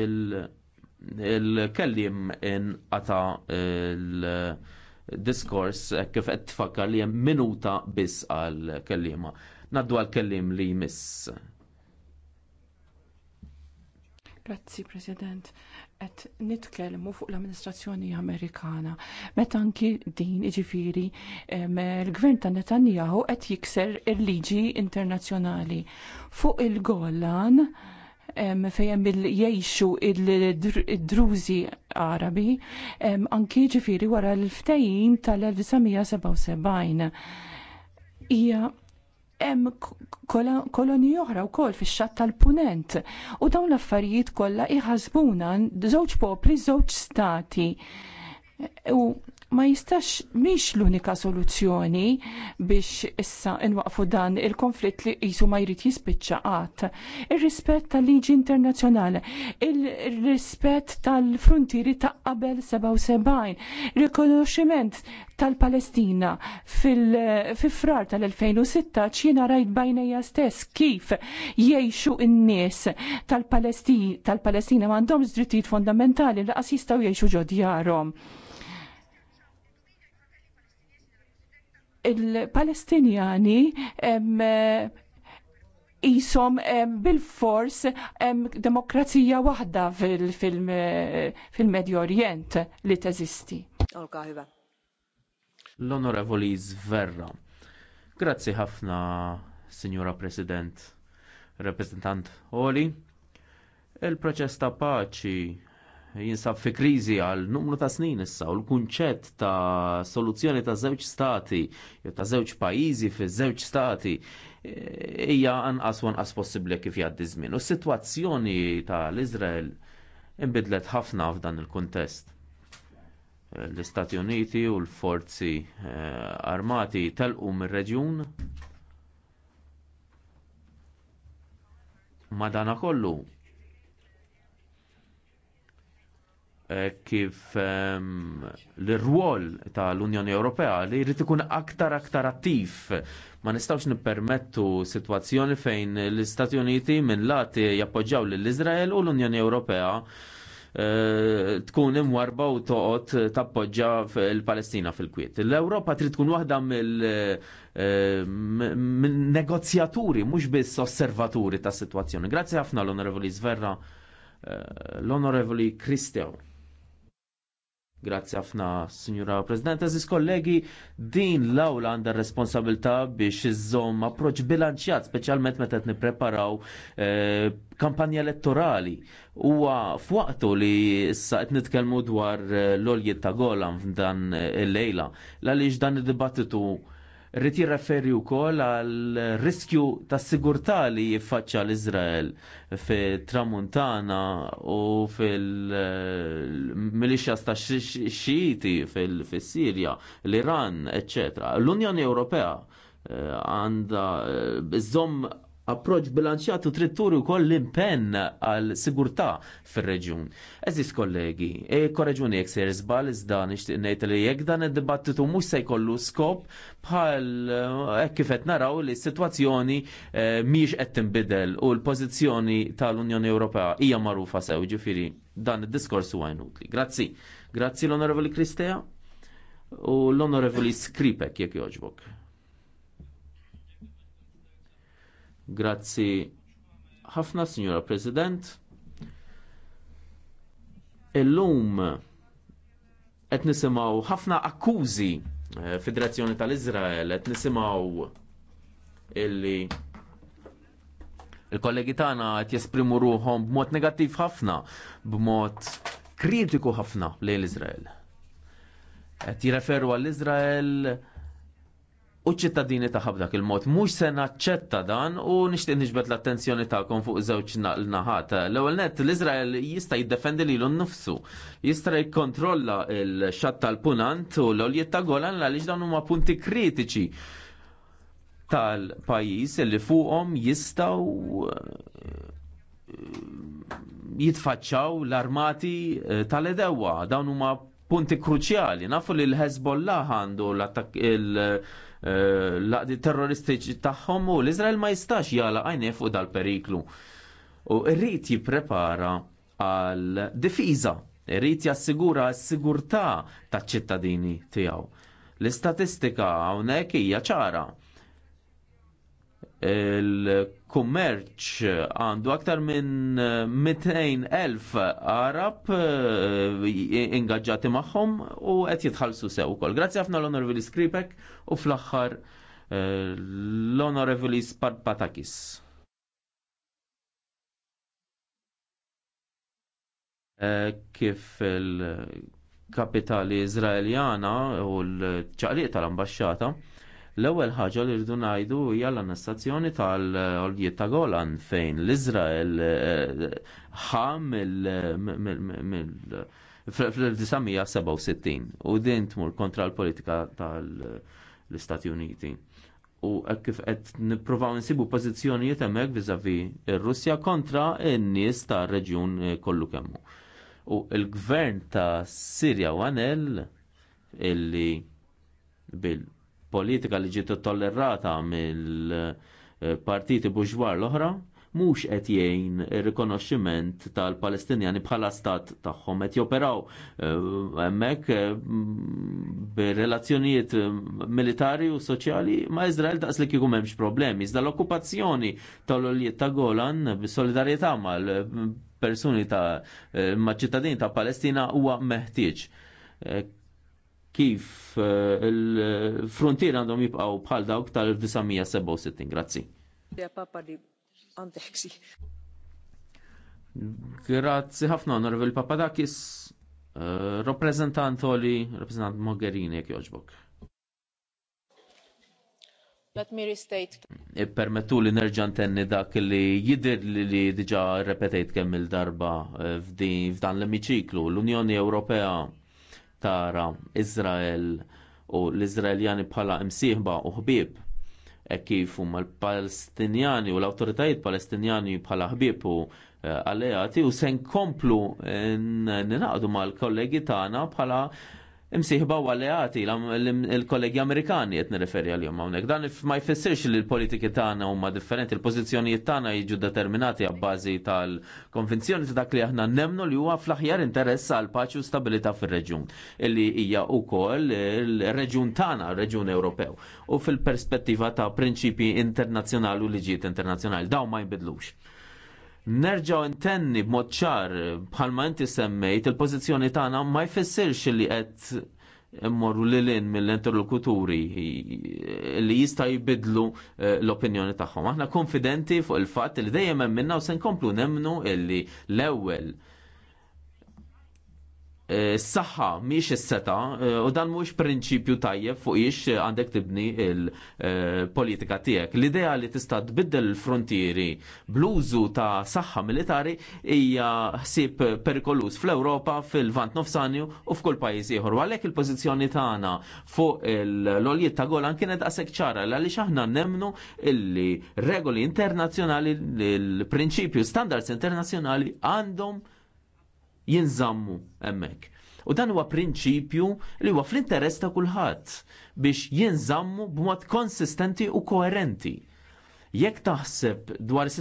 il-kellim inqata il-diskors kif qed tfakkar li hemm minuta biss għal kelliema. Naddu għal kellim li jmiss. Grazzi, President. Et nitkellmu fuq l-amministrazzjoni Amerikana. Meta anki din iġifiri l-gvern ta' Netanyahu qed jikser il-liġi internazzjonali. Fuq il-Golan fejn jgħixu il-Druzi Arabi, anki ġifiri wara l-ftejim tal-1977. Ija hemm koloni oħra wkoll fix-xatt tal-punent. U dawn l-affarijiet kollha iħasbuna żewġ popli, żewġ stati. U ma jistax miex l-unika soluzzjoni biex issa nwaqfu dan il-konflitt li jisu ma jrid jispiċċa qatt. Ir-rispett tal-liġi internazzjonali, ir-rispett tal-frontieri ta' qabel 77, rikonoxximent tal-Palestina fil-frar tal-2016 jiena rajt bajnija stess kif jiexu n-nies tal-Palestina tal-Palestina m'għandhomx drittijiet fondamentali laqas jistgħu jgħixu ġodjarom. il-Palestinjani jisom bil-fors demokrazija waħda fil-Medju Orient li teżisti. L-Onorevoli Zverra. Grazzi ħafna, Signora President, Reprezentant Oli. Il-proċess ta' paċi jinsab fi kriżi għal numru ta' snin issa u l-kunċett ta' soluzzjoni ta' żewġ stati jew ta' żewġ pajjiżi fi żewġ stati e, hija anqas u anqas possibbli kif jgħaddi żmien. U s-sitwazzjoni tal-Iżrael inbidlet ħafna f'dan il-kuntest. L-Istati Uniti u l-forzi e, armati telqu mir-reġjun Madana kollu Eh, kif um, l-rwol tal-Unjoni Ewropea li jrid ikun aktar aktar attiv. Ma nistawx nippermettu sitwazzjoni fejn l-Istati Uniti minn lat jappoġġaw lill iżrael u l-Unjoni Ewropea uh, tkun imwarba u toqot tappoġġa fil-Palestina fil-Kwiet. L-Ewropa trid tkun waħda mill-negozjaturi, eh, mhux biss osservaturi tas-sitwazzjoni. Grazzi ħafna l-Onorevoli Zverra, l-Onorevoli Kristew. Grazzi ħafna, Signora Presidenta, eżis kollegi, din l-awla għandha responsabilta biex iżżomm approċ bilanċjat, speċjalment meta qed nippreparaw eh, kampanja elettorali. Huwa f'waqtu li issa qed nitkellmu dwar eh, l-oljiet ta' Golan f'dan eh, il-lejla, l għaliex dan id-dibattitu Rrit jirreferi wkoll għal riskju tas sigurtà li jiffaċċa l-Izrael fit tramuntana u fil-milixjas ta' xiiti fil-Sirja, l-Iran, eccetera. L-Unjoni Ewropea eh, għanda eh, bizzom approċ bilanċjat u tritturi u koll impenn għal sigurtà fil-reġjun. Eżis kollegi, e korreġuni jek ser zbal iżda nixtieq ngħid li jekk dan id-dibattitu mhux se jkollu skop bħal hekk kif qed naraw li s-sitwazzjoni e, mhijiex qed tinbidel u l-pożizzjoni tal-Unjoni Ewropea hija magħrufa sew, ġifieri dan id-diskors huwa inutli. Grazzi. Grazzi l-Onorevoli Kristea u l-Onorevoli Skripek jekk jogħġbok. Grazzi ħafna, Signora President. Illum qed nisimgħu ħafna akkużi eh, Federazzjoni tal iżrael qed nisimgħu illi il-kollegi tagħna qed jesprimu ruhom b'mod negattiv ħafna, b'mod kritiku ħafna lejn l-Iżrael. Qed jirreferu għall-Iżrael u ċittadini taħab dak il-mod. Mux se naċċetta dan u nixtieq niġbed l-attenzjoni tagħkom fuq żewġ naħat. L-ewwel net l-Iżrael jista' jiddefendi lilu nnifsu. Jista' jikkontrolla l-xatt tal-punant u l olji ta' Golan għaliex dan huma punti kritiċi tal-pajjiż li fuqhom jistgħu eh, jitfaċċaw l-armati eh, tal-edewa. Dawn huma punti kruċjali. Nafu li l-Hezbollah għandu l-attak il- Eh, laqdi terroristiċi tagħhom u l-Izrael ma jistax jala għajnef fuq dal-periklu. U rrit jipprepara għal difiża, rrit jassigura s-sigurtà taċ ċittadini tiegħu. L-istatistika hawnhekk hija ċara il-kummerċ għandu aktar minn 200.000 eh, Arab eh, ingaġġati magħhom u qed jitħallsu sew ukoll. Grazzi ħafna l-Onorevoli Skripek u fl-aħħar eh, l-Onorevoli Sparpatakis. Kif il-kapitali Izraeljana u l-ċaqliq tal-ambasċata L-ewwel ħaġa li rridu ngħidu hija l-annessazzjoni tal-Oljiet ta' Golan fejn l-Iżrael eh, ħa fl-1967 u din tmur kontra l-politika tal-Istati Uniti. U hekk kif qed nippruvaw insibu pożizzjonijiet hemmhekk viżavi r russja kontra n-nies tar-reġjun kollu kemmu. U l-gvern ta' Sirja Wanel illi bil politika li ġiet tollerata mill-partiti buġwar l-oħra mhux qed jgħin ir-rikonoxximent tal-Palestinjani bħala stat tagħhom qed joperaw eh, hemmhekk eh, b'relazzjonijiet militari u soċjali ma' Iżrael daqs li kieku m'hemmx problemi. Iżda l-okkupazzjoni tal-Oljiet ta' Golan b'solidarjetà mal-persuni ta' eh, maċ-ċittadini ta' Palestina huwa meħtieġ kif eh, il-frontier għandhom jibqaw bħal dawk tal-1967. Grazzi. Grazzi ħafna onorevoli Papadakis, eh, rappresentant Oli, rappresentant Mogherini, jek joġbok. Let me restate. Permettu li nerġan tenni dak li jidir li li diġa repetajt kemm il-darba eh, f'dan l-emiċiklu. L-Unjoni Ewropea tara Izrael u l-Izraeljani bħala imsieħba u ħbieb e kif huma l-Palestinjani u l-awtoritajiet Palestinjani bħala ħbieb u eh, alleati u se nkomplu ninaqdu mal-kollegi tagħna bħala imsiħba u alleati l-kollegi Amerikani jett nireferi għal-jom għawnek. Dan ma jfessirx li l-politiki tagħna huma differenti, l-pozizjonijiet tagħna jiġu determinati għabbażi tal-konvenzjoni ta' dak li aħna nemnu li huwa fl-aħjar interess għal paċi u stabilità fir-reġjun, illi hija wkoll il-reġjun tagħna, reġjun Ewropew, u fil-perspettiva ta' prinċipji internazzjonali u liġijiet internazzjonali. Daw ma jbidlux. Nerġaw intenni b'mod ċar bħalma inti semmejt il-pożizzjoni tagħna ma jfissirx li qed immorru lil lin mill-interlokuturi li jista' jibidlu eh, l-opinjoni tagħhom. Aħna konfidenti fuq il-fatt li dejjem hemm minna u se nkomplu nemnu illi l-ewwel s-saħħa miex is-seta eh, u dan mux prinċipju tajjeb fuq ix eh, għandek tibni il-politika eh, tiegħek. L-idea li tista' tbiddel l-frontieri bluzu ta' saħħa militari hija ħsieb perikolus fl-Ewropa, fil-Vant Nofsanju u f'kull pajjiż ieħor. Għalhekk il-pożizzjoni tagħna fuq l-oljiet ta' Golan kienet qasek ċara għaliex aħna nemnu illi regoli internazzjonali, il-prinċipju standards internazzjonali għandhom jinżammu hemmhekk. U dan huwa prinċipju li huwa fl-interess ta' kulħadd biex jinżammu b'mod konsistenti u koerenti. Jekk taħseb dwar is